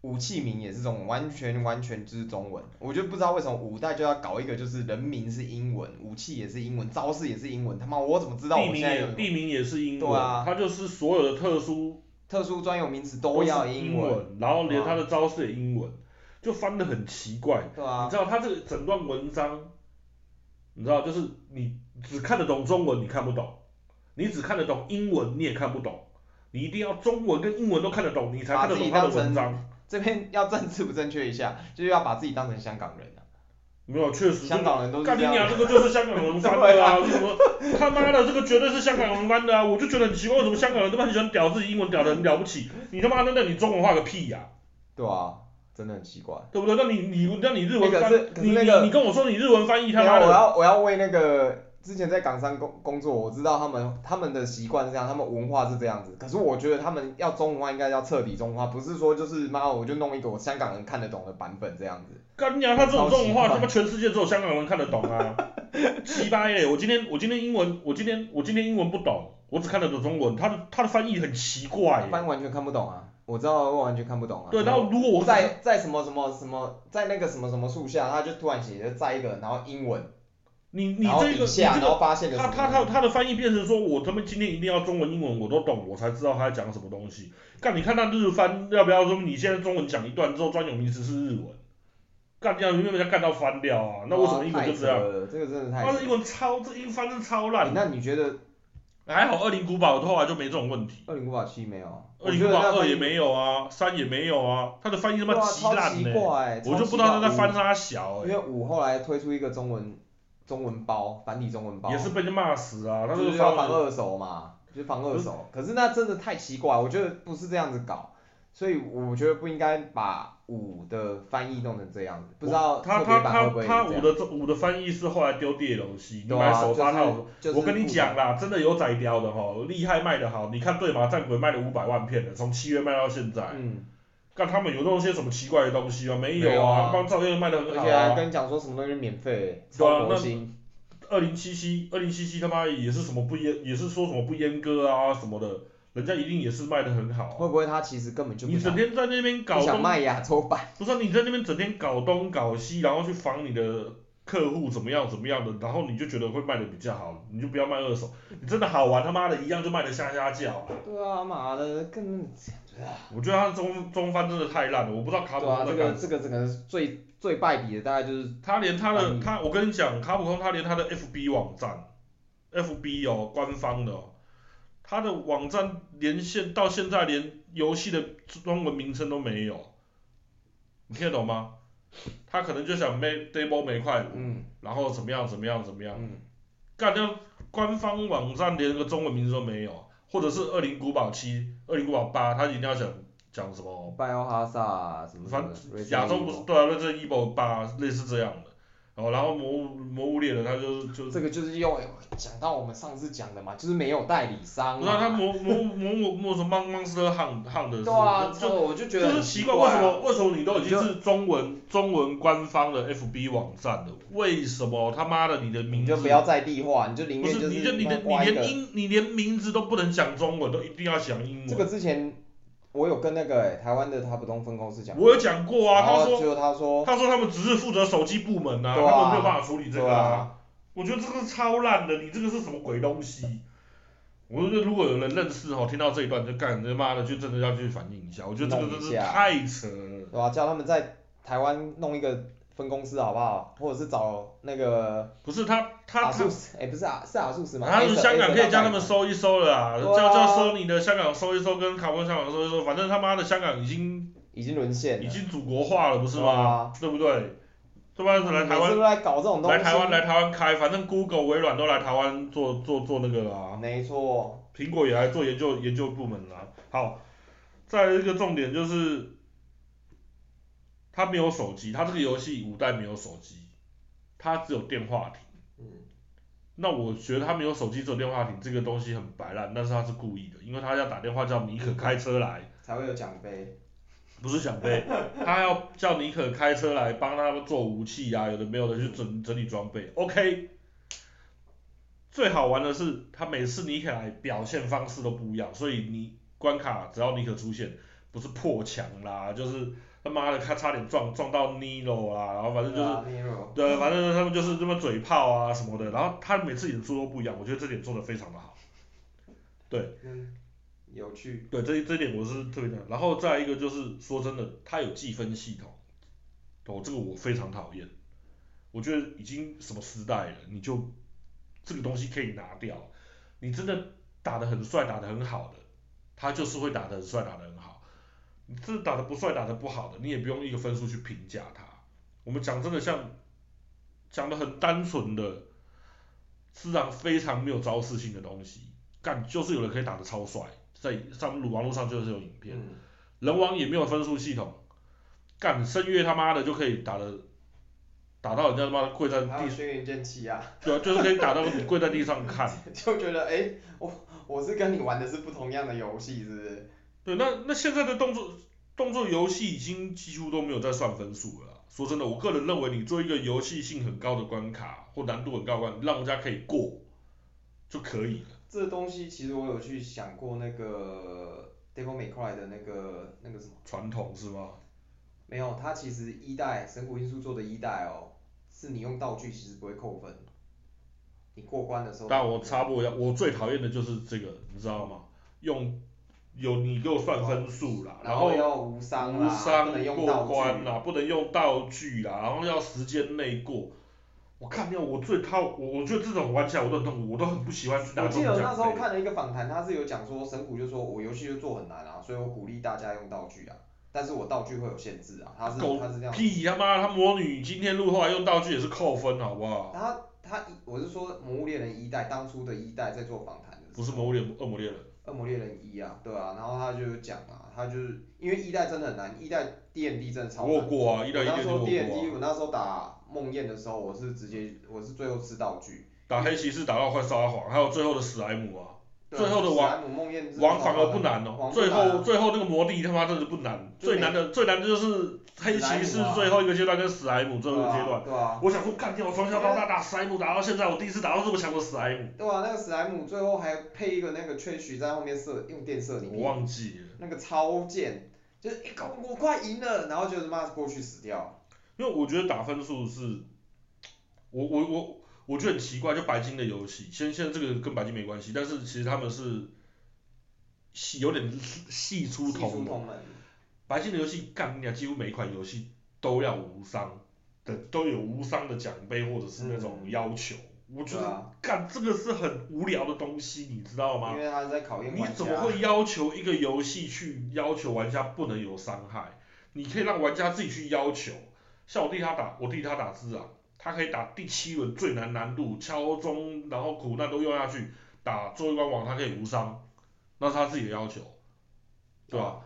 武器名也是中文，完全完全就是中文。我就不知道為什麼五代就要搞一個就是人名是英文，武器也是英文，招式也是英文。他媽，我怎麼知道我現在？地名也地名也是英文。對啊，它就是所有的特殊特殊專有名詞都要英文，然後連它的招式也英文。就翻得很奇怪，對啊、你知道他這個整段文章，你知道就是你只看得懂中文，你看不懂；你只看得懂英文，你也看不懂。你一定要中文跟英文都看得懂，你才看得懂他的文章。這邊要政治不正確一下，就是要把自己當成香港人了、啊。沒有，確實香港人都這樣講、啊。幹你娘！這個就是香港人翻的啊！ [LAUGHS] 什麼， [LAUGHS] 什麼他媽的，這個絕對是香港人翻的啊！ [LAUGHS] 我就覺得很奇怪，為什麼香港人都很喜歡屌自己英文屌的很了不起？你他媽那那你中文話個屁呀、啊？對啊。真的很奇怪，對不對？那你你那你日文翻，翻可是你那個你，你，你跟我說你日文翻譯他媽，我要我要為那個之前在港商工工作，我知道他們他們的習慣是這樣，他們文化是這樣子。可是我覺得他們要中文化應該要徹底中文化，不是說就是媽我就弄一朵香港人看得懂的版本這樣子。幹你娘，他這種中文化他媽全世界只有香港人看得懂啊， [LAUGHS] [LAUGHS] 奇葩耶！我今天我今天英文我今天我今天英文不懂，我只看得懂中文，他的他的翻譯很奇怪，翻譯完全看不懂啊。我知道我完全看不懂啊。對，然、嗯、後如果我在在什麼什麼什麼，在那個什麼什麼樹下，他就突然寫就摘一個，然後英文。你你這個你這個他他他他的翻譯變成說，我他媽今天一定要中文英文我都懂，我才知道他講什麼東西。幹，你看他日翻要不要說你現在中文講一段之後專有名詞是日文。幹，這樣明明要幹到翻掉啊，那為什麼英文就是這樣，哦太扯了，這個真的太扯了。但是英文超這英翻超的超爛、欸。那你覺得？還好惡靈古堡，後來就沒這種問題。惡靈古堡七沒有。惡靈古堡二也沒有啊，三也沒有啊，他的翻譯他媽奇爛呢、欸。我奇怪，我就不知道他在翻三小、欸。因為五後來推出一個中文中文包，繁體中文包。也是被你罵死了、啊，他就翻、是就是、二手嘛，就防二手。可是那真的太奇怪，我覺得不是這樣子搞，所以我覺得不應該把。五的翻譯弄成這樣子，不知道他他他他五的這五的翻譯是後來丟地的東西，你買手帕套，我跟你講啦，真的有宰雕的吼，厲害賣的好，你看對《對馬戰鬼》賣了五百萬片了，從七月賣到現在。嗯。看他們有弄些什麼奇怪的東西嗎？沒有啊，光照樣賣的很好啊。而且還跟你講說什麼都是免費、欸？對啊，那二零七七二零七七他媽也是什麼不閹，也是說什麼不閹割啊什麼的。人家一定也是賣的很好、啊。會不會他其實根本就？你整天在那邊搞東。不想賣亞洲版不是、啊，你在那邊整天搞東搞西，然後去防你的客戶怎麼樣怎麼樣的，然後你就覺得會賣的比較好，你就不要賣二手。 [LAUGHS] 你真的好玩他媽的一樣就賣的瞎瞎叫、啊。對啊，媽的，更、啊。我覺得他的中中翻真的太爛了，我不知道卡普空。對啊，這個這個這個最最敗筆的大概就是。他連他的、嗯、他，我跟你講，卡普空他連他的 FB 網站，FB 哦，官方的、哦。他的網站連線到現在連遊戲的中文名稱都沒有，你聽得懂嗎？他可能就想 double 嗯，然後怎麼樣怎麼樣怎麼樣、嗯，幹掉官方網站連個中文名字都沒有，或者是二零古堡七、二零古堡八，他一定要想講什麼？拜歐哈薩什麼，什麼？反正亞洲不是，對啊，那這18八類似這樣的。哦、然後魔物魔物獵了，他就是就這個就是用，講到我們上次講的嘛，就是沒有代理商。那他模模模模什麼 Monster Hunt Hunt 的？對啊，這我就覺得很奇怪。就是奇怪，為什麼為什麼你都已經是中文中文官方的 FB 網站了，為什麼他媽的你的名字？你就不要在地化，你就裡你就你連你連英你連名字都不能講中文，都一定要講英文。這個之前。我有跟那個、欸、台灣的他普通分公司講。我有講過啊，他說，他說，他說他們只是負責手機部門吶、啊啊，他們沒有辦法處理這個、啊啊。我覺得這個超爛的，你這個是什麼鬼東西？我覺得如果有人認識吼，聽到這一段就幹，這媽的就真的要去反映一下。我覺得這個真是太扯了。啊，叫他們在台灣弄一個。分公司好不好？或者是找那個。不是他他他。阿斯哎，不是阿、啊、是斯、啊、嘛。他們、啊啊、香港可以叫他們收一收了啊！叫叫收你的香港收一收，跟卡布香港收一收，反正他媽的香港已經。已經淪陷了。已經祖國化了，不是嗎？對、啊、對不對？他媽的來台灣。來台灣來台灣開，反正 Google、微軟都來台灣做做做那個了。沒錯。蘋果也來做研究研究部門了。好，再一個重點就是。他沒有手機，他這個遊戲五代沒有手機，他只有電話亭。嗯，那我覺得他沒有手機，只有電話亭這個東西很白爛，但是他是故意的，因為他要打電話叫妮可開車來，才會有獎杯。不是獎杯，他 [LAUGHS] 要叫妮可開車來幫他們做武器啊，有的沒有的去整整理裝備。OK，最好玩的是他每次妮可來表現方式都不一樣，所以你關卡只要妮可出現，不是破牆啦，就是。他媽的，他差點撞撞到 Nero 啊，然後反正就是，啊、對，Nero，反正他們就是這麼嘴炮啊什麼的，然後他每次演出都不一樣，我覺得這點做的非常的好，對，嗯、有趣，對，這這一點我是特別的，然後再一個就是說真的，他有計分系統，哦，這個我非常討厭，我覺得已經什麼時代了，你就這個東西可以拿掉，你真的打的很帥，打的很好的，他就是會打的很帥，打的很好。你這是打得不帥，打得不好的，你也不用一個分數去評價他。我們講真的像，像講的很單純的，非常非常沒有招式性的東西，幹，就是有人可以打得超帥，在上路網路上就是有影片，嗯、人王也沒有分數系統，幹，深月他媽的就可以打得打到人家他媽跪在地上。還有深月劍氣啊。對啊，就是可以打到跪在地上看， [LAUGHS] 就覺得哎、欸，我我是跟你玩的是不同樣的遊戲，是不是？對，那那現在的動作動作遊戲已經幾乎都沒有在算分數了。說真的，我個人認為，你做一個遊戲性很高的關卡或難度很高的關，讓人家可以過就可以了。這東西其實我有去想過那個 Devil May Cry 的那個那個什麼？傳統是嗎？沒有，它其實一代神谷英樹做的，一代哦，是你用道具其實不會扣分，你過關的時候。但我插播一下，我最討厭的就是這個，你知道嗎？用。有你給我算分數啦，然、嗯，然後要無傷啦，啦，無傷過關啦，不能用道具啦，然後要時間內過。我看沒有，我最套我我覺得這種玩家我都很我都很不喜歡。嗯、我記得我那時候看了一個訪談，他是有講說，神谷就說，我遊戲就做很難啊，所以我鼓勵大家用道具啊，但是我道具會有限制啊，他是他是這樣。屁他媽！他魔女今天錄後來用道具也是扣分好不好？他他我是說魔物獵人一代當初的一代在做訪談的。不是魔物獵惡魔獵人。惡魔獵人一啊，對啊，然後他就講啊，他就是因為一代真的很難，一代 D N D 真的超難過。我過啊，一代 D N D、啊、我那時候打夢魘的時候，我是直接我是最後吃道具。打黑騎士打到快撒謊，還有最後的史萊姆啊。最後的王王反而不難哦、喔喔，最後最後那個魔帝他媽真的不難，最難的、嗯、最難的就是黑騎士最後一個階段跟史萊姆最後一個階段對、啊對啊，我想說，幹掉，從小到大打史萊姆打到現在，我第一次打到這麼強的史萊姆。對啊，那個史萊姆最後還配一個那個 t 取在後面射用電射你。我忘記了。那個超賤，就是哎靠、欸、我快贏了，然後就是媽過去死掉。因為我覺得打分數是，我我我。我我覺得很奇怪，就白金的遊戲，現現在這個跟白金沒關係，但是其實他們是有點係出，出同門。白金的遊戲幹，你、啊、幾乎每款遊戲都要無傷的，都有無傷的獎杯或者是那種要求。我覺得幹、啊、這個是很無聊的東西，你知道嗎？因為他是在考驗玩家。你怎麼會要求一個遊戲去要求玩家不能有傷害？你可以讓玩家自己去要求。像我弟他打，我弟他打字啊。他可以打第七輪最難難度，敲鐘，然後苦難都用下去，打最後一關王他可以無傷，那是他自己的要求，對吧？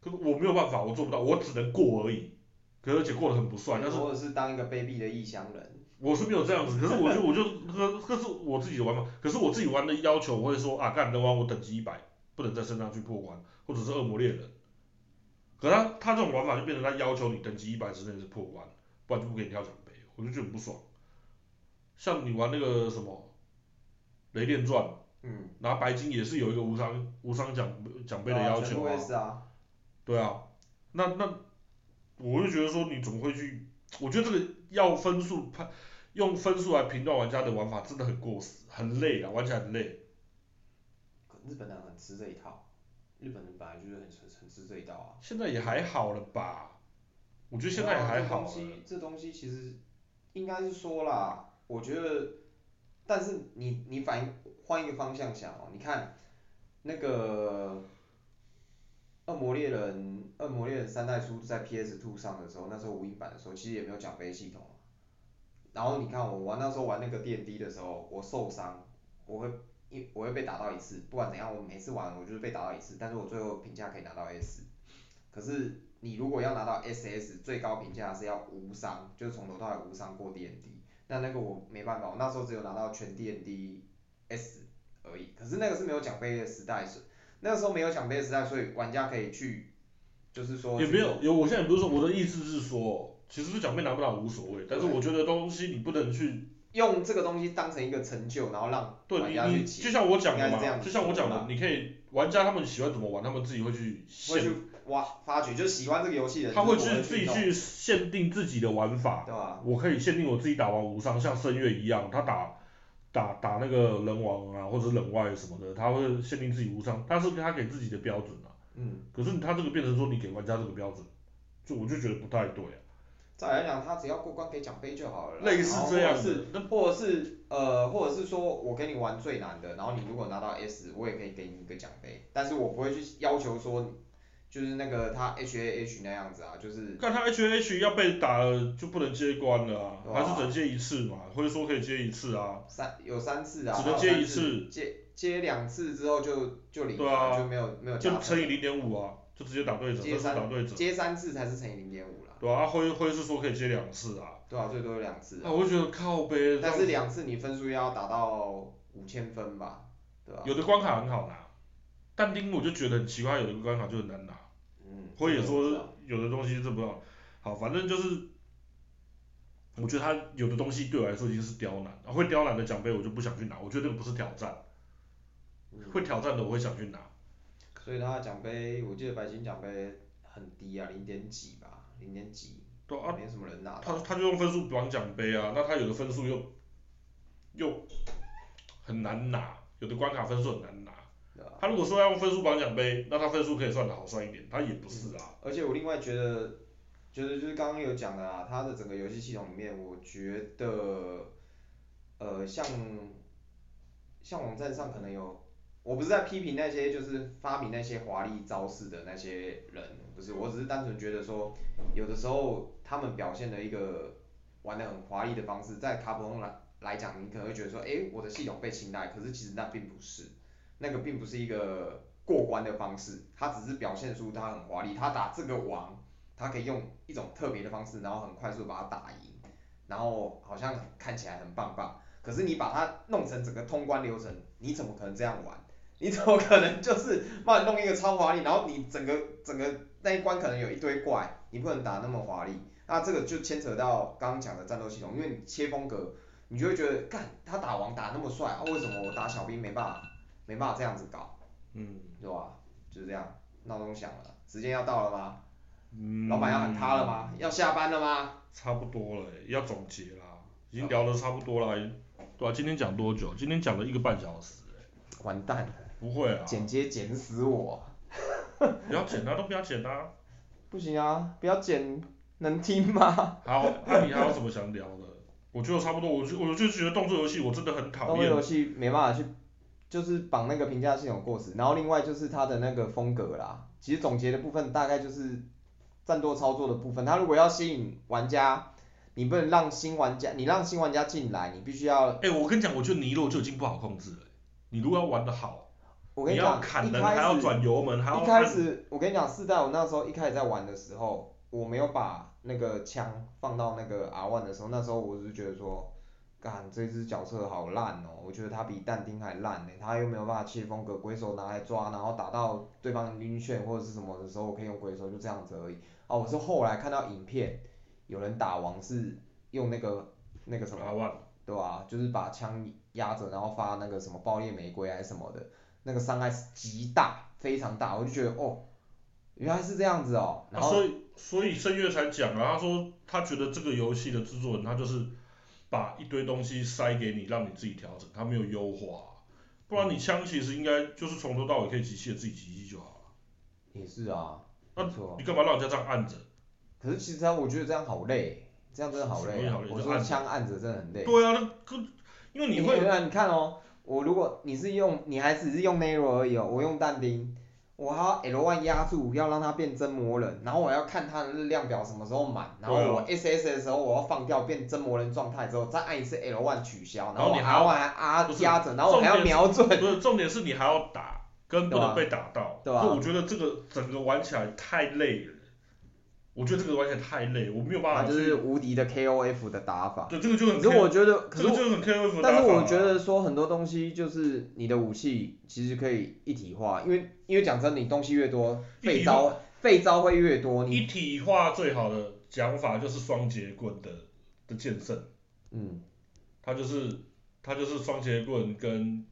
可是我沒有辦法，我做不到，我只能過而已。可是而且過得很不算是，或者是當一個卑鄙的異鄉人。我是沒有這樣子，可是我就 [LAUGHS] 我就可是我自己的玩法，可是我自己玩的要求我會說啊，干能玩我等級一百，不能再升上去破關，或者是惡魔獵人。可他他這種玩法就變成他要求你等級一百之內是破關，不然就不給你跳槽。我就覺得很不爽，像你玩那個什麼雷電傳，拿、嗯、白金也是有一個無傷無傷獎獎杯的要求啊，啊，全部都是啊。對啊，那那我就覺得說你總會去？我覺得這個要分數判，用分數來評斷玩家的玩法真的很過時，很累啊，玩起來很累。日本人很吃這一套，日本人本來就是很很吃這一套啊。現在也還好了吧？我覺得現在也還好了、啊。這東西，這東西其實。應該是說啦，我覺得，但是你你反應換一個方向想哦，你看，那個《惡魔獵人》《惡魔獵人》三代出在 PS2 上的時候，那時候無印版的時候，其實也沒有獎杯系統，然後你看我玩那時候玩那個電 D, D 的時候，我受傷，我會一我會被打到一次，不管怎樣，我每次玩我就是被打到一次，但是我最後評價可以拿到 S，可是。你如果要拿到 SS 最高評價是要無傷，就是從頭到尾無傷過 DMD，那那個我沒辦法，我那時候只有拿到全 DMD S 而已，可是那個是沒有獎盃的時代，是那個時候沒有獎盃的時代，所以玩家可以去，就是說是也沒有有，我現在也不是說我的意思是說，嗯，其實是獎盃拿不拿無所謂，但是我覺得東西你不能去用這個東西當成一個成就，然後讓玩家去，對，就像我講的，就像我講的，你可以。玩家他們喜歡怎麼玩，他們自己會去限、會去哇，發掘，就是喜歡這個遊戲的人，他會去自己去限定自己的玩法。對吧、啊？我可以限定我自己打完無傷，像聲月一樣，他打打打那個人王啊，或者是人外什麼的，他會限定自己無傷，但是他給自己的標準啊。嗯。可是他這個變成說你給玩家這個標準，就我就覺得不太對啊。再來講，他只要過關給獎杯就好了，類似這樣，是，或者是，呃，或者是說我給你玩最難的，然後你如果拿到 S，我也可以給你一個獎杯，但是我不會去要求說，就是那個他 H A H 那樣子啊，就是。那他 H A H 要被打了，就不能接關了啊，啊還是只能接一次嘛？或者說可以接一次啊？三，有三次啊。次只能接一次。接接兩次之後就就零了、啊，就沒有沒有。就乘以零點五啊，就直接打對折，打對折。接三次才是乘以零點五。對啊，灰灰是說可以接兩次啊。對啊，最多兩次，啊。那，啊、我就覺得靠杯。但是兩次你分數要達到五千分吧，對吧，啊？有的關卡很好拿，但丁我就覺得很奇怪，他有的關卡就很難拿。嗯。或者說有的東西是不要，好，反正就是，我覺得他有的東西對我來說已經是刁難，會刁難的獎盃我就不想去拿，我覺得這個不是挑戰，嗯。會挑戰的我會想去拿。所以他的獎盃，我記得白金獎盃很低啊，零點幾。零點幾，都、啊、沒什麼人拿。他他就用分數綁獎杯啊，那他有的分數又又很難拿，有的關卡分數很難拿、啊。他如果說要用分數綁獎杯，那他分數可以算的好算一點，他也不是啊。嗯、而且我另外覺得，覺得就是剛剛、就是、有講的啊，他的整個遊戲系統裡面，我覺得呃像像網站上可能有，我不是在批評那些就是發明那些華麗招式的那些人。不是，我只是單純覺得說，有的時候他們表現的一個玩得很華麗的方式，在卡普空來來講，你可能會覺得說，誒、欸，我的系統被青睞，可是其實那並不是，那個並不是一個過關的方式，它只是表現出它很華麗，他打這個王，他可以用一種特別的方式，然後很快速把它打贏，然後好像看起來很棒棒，可是你把它弄成整個通關流程，你怎麼可能這樣玩？你怎麼可能就是幫你弄一個超華麗，然後你整個整個。那一關可能有一堆怪，你不能打那麼華麗，那這個就牽扯到剛剛講的戰鬥系統，因為你切風格，你就會覺得看他打王打那麼帥，啊、為什麼我打小兵沒辦法，沒辦法這樣子搞，嗯，對吧？就是這樣，鬧鐘響了，時間要到了嗎？嗯。老闆要喊他了嗎？要下班了嗎？差不多了，要總結了，已經聊得差不多了，對吧、啊？今天講多久？今天講了一個半小時。完蛋了。不會啊。剪接剪死我。 [LAUGHS] 不要剪啦，都不要剪啦。 [LAUGHS] 不行啊，不要剪，能聽嗎？ [LAUGHS] 好、啊，那你還有什麼想聊的？我覺得差不多，我就我就就覺得動作遊戲我真的很討厭。動作遊戲沒辦法去，就是綁那個評價系統過時，然後另外就是它的那個風格啦。其實總結的部分大概就是，戰鬥操作的部分，它如果要吸引玩家，你不能讓新玩家，你讓新玩家進來，你必須要、欸。哎，我跟你講，我覺得尼洛就已經不好控制了。你如果要玩得好。我跟你講，一開始，一開始，開始，我跟你講，四代我那時候一開始在玩的時候，我沒有把那個槍放到那個 R1 的時候，那時候我是覺得說，幹這隻角色好爛哦、喔，我覺得他比但丁還爛呢、欸，他又沒有辦法切風格，鬼手拿來抓，然後打到對方暈眩或者是什麼的時候，我可以用鬼手就這樣子而已。哦、啊，我是後來看到影片，有人打王是用那個那個什麼，R1，對吧、啊？就是把槍壓着，然後發那個什麼爆裂玫瑰還是什麼的。那個傷害是極大，非常大，我就覺得哦，原來是這樣子哦。那、啊、所以，所以聖月才講啊，他說他覺得這個遊戲的製作人他就是把一堆東西塞給你，讓你自己調整，他沒有優化，不然你槍其實應該就是從頭到尾可以集氣自己自己集氣就好了。也是啊，那，你幹嘛讓人家這樣按着？可是其實、啊、我覺得這樣好累，這樣真的好累，、啊好累，我說槍按着真的很累。對啊，那因為你會。欸、你看哦。我如果，你是用，你還是只是用尼祿而已哦。我用但丁，我還要 L 1壓住，要讓它變真魔人，然後我要看它的量表什麼時候滿，然後我 S S 的時候我要放掉變真魔人狀態之後，再按一次 L 1取消，然後你還要按還 R 壓着，然後我還要瞄準。不是，重點是，重點是你還要打，跟不能被打到。對吧，啊？對啊、我覺得這個整個玩起來太累了。 [MUSIC] 我覺得這個完全太累，我沒有辦法。他就是無敵的 KOF 的打法。對，這個就很。可是我覺得，可是、這個、就是很 KOF 的打法。但是我覺得說很多東西就是你的武器其實可以一體化，因為因為講真，你東西越多，廢招廢招會越多，你一體化最好的講法就是雙截棍的的劍聖，嗯，他就是他就是雙截棍跟。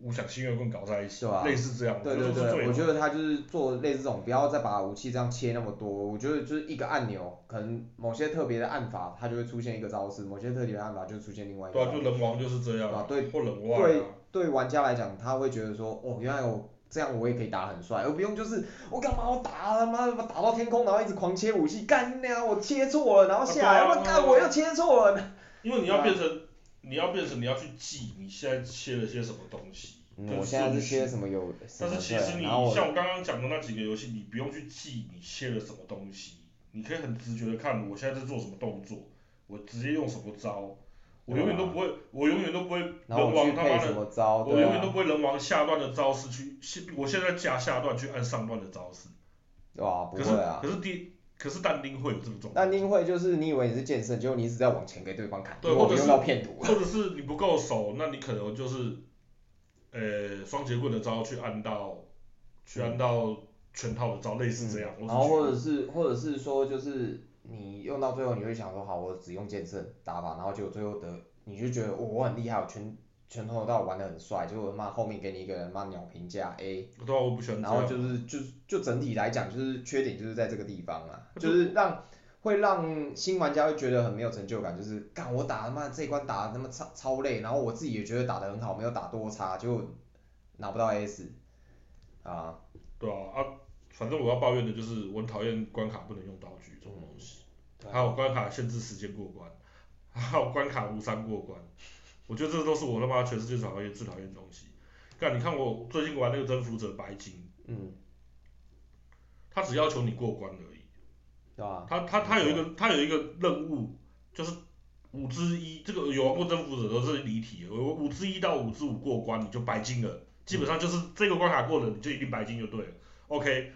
我想星月更搞在一起吧、啊？類似這樣。對對對我，我覺得他就是做類似這種，不要再把武器這樣切那麼多。我覺得就是一個按鈕，可能某些特別的按法，它就會出現一個招式，某些特別的按法，就出現另外一個。對、啊，就人王就是這樣。對啊對，或人王、啊。對，對玩家來講，他會覺得說，哦、喔、原來我這樣我也可以打很帥，我不用就是我幹嘛我打他媽的打到天空，然後一直狂切武器，幹娘我切錯了，然後下來啊啊啊要不然我幹我又切錯了。因為你要變成。你要變成，你要去記你現在切了些什麼東西，嗯、但是其實你我像我剛剛講的那幾個遊戲，你不用去記你切了什麼東西，你可以很直覺的看我現在在做什麼動作，我直接用什麼招，我永遠都不會，我永遠都不會人往他媽的我、啊，我永遠都不會人往下段的招式去，我現在加下段去按上段的招式，哇，不會、啊、可是，可是第。可是但丁會有這種？但丁會就是你以為你是劍聖，結果你一直在往前給對方砍，或者用到騙圖或者，或者是你不夠手，那你可能就是，呃、欸，雙截棍的招去按到，去按到拳套的招，嗯、類似這樣、嗯。然後或者是或者是說就是你用到最後你會想說，好，我只用劍聖打法，然後結果最後得你就覺得、嗯、我很厲害我全。拳頭到玩的很帥，結果他媽後面給你一個人罵鳥評價 A，、啊、我不然後就是就就整體來講就是缺點就是在這個地方啊就，就是讓會讓新玩家會覺得很沒有成就感，就是看我打他媽這一關打的他媽超超累，然後我自己也覺得打的很好，沒有打多差，就拿不到 A S，啊，對啊啊，反正我要抱怨的就是我很討厭關卡不能用道具這種東西、嗯啊，還有關卡限制時間過關，還有關卡無傷過關。我覺得這都是我他媽全世界最討厭、最討厭的東西。幹，你看我最近玩那個征服者白金，嗯，他只要求你過關而已，啊、他他他有一個他有一個任務，就是五之一，這個有玩過征服者都是離題，我五之一到五之五過關你就白金了，基本上就是這個關卡過了你就一定白金就對了、嗯。OK，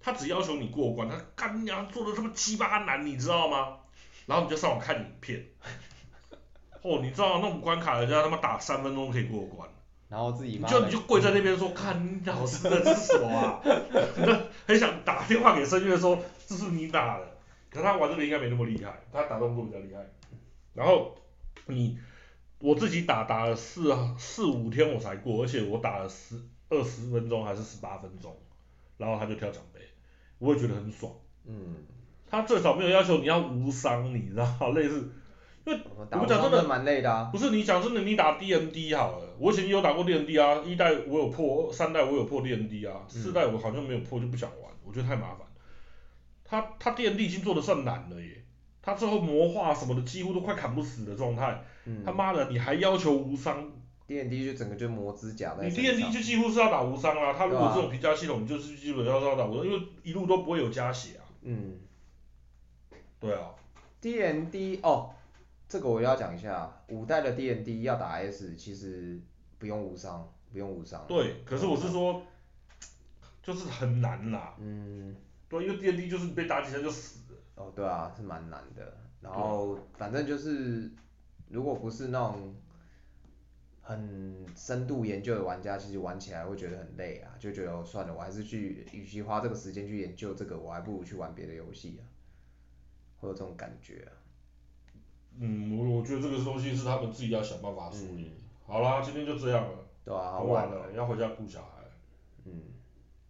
他只要求你過關，他幹娘、啊、做的這麼雞巴難，你知道嗎？然後你就上網看影片。哦，你知道，那種關卡人家他媽打三分鐘可以過關，然後自己就你就你就跪在那邊說、嗯，看你老師的，這是什麼？啊？很 [LAUGHS] [LAUGHS] 很想打電話給申月說，這是你打的，可是他玩這個應該沒那麼厲害，他打動作比較厲害。然後你我自己打打了四四五天我才過，而且我打了十二十分鐘還是十八分鐘，然後他就跳獎杯，我也覺得很爽。嗯。他最少沒有要求你要無傷，你知道，類似。因為累、啊、我們講真的，不是你講真的，你打 D N D 好了。我以前有打過 D N D 啊，一代我有破，三代我有破 D N D 啊、嗯，四代我好像沒有破就不想玩，我覺得太麻煩。他他 D N D 已經做的算難了耶，他最後魔化什麼的幾乎都快砍不死的狀態。嗯。他媽的，你還要求無傷？D N D 就整個就磨指甲在身上。你 D N D 就幾乎是要打無傷啊。他如果這種評價系統，啊、你就是基本要要打無傷，因為一路都不會有加血啊。嗯。對啊。D N D 哦。這個我要講一下，五代的 D N D 要打 S，其實不用無傷，不用無傷。對，對吧？可是我是說，就是很難啦，嗯。對，因為 D N D 就是你被打幾下就死。哦，對啊，是蠻難的。然後反正就是，如果不是那種很深度研究的玩家，其實玩起來會覺得很累啊，就覺得哦算了，我還是去，與其花這個時間去研究這個，我還不如去玩別的遊戲啊，會有這種感覺啊。嗯，我我覺得這個東西是他們自己要想辦法處理。嗯。好啦，今天就這樣了，對啊，好晚了，要回家顧小孩。嗯，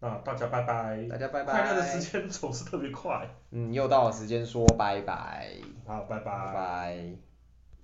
那大家拜拜。大家拜拜。快樂的時間總是特別快。嗯，又到了時間說拜拜。好，拜拜。拜拜。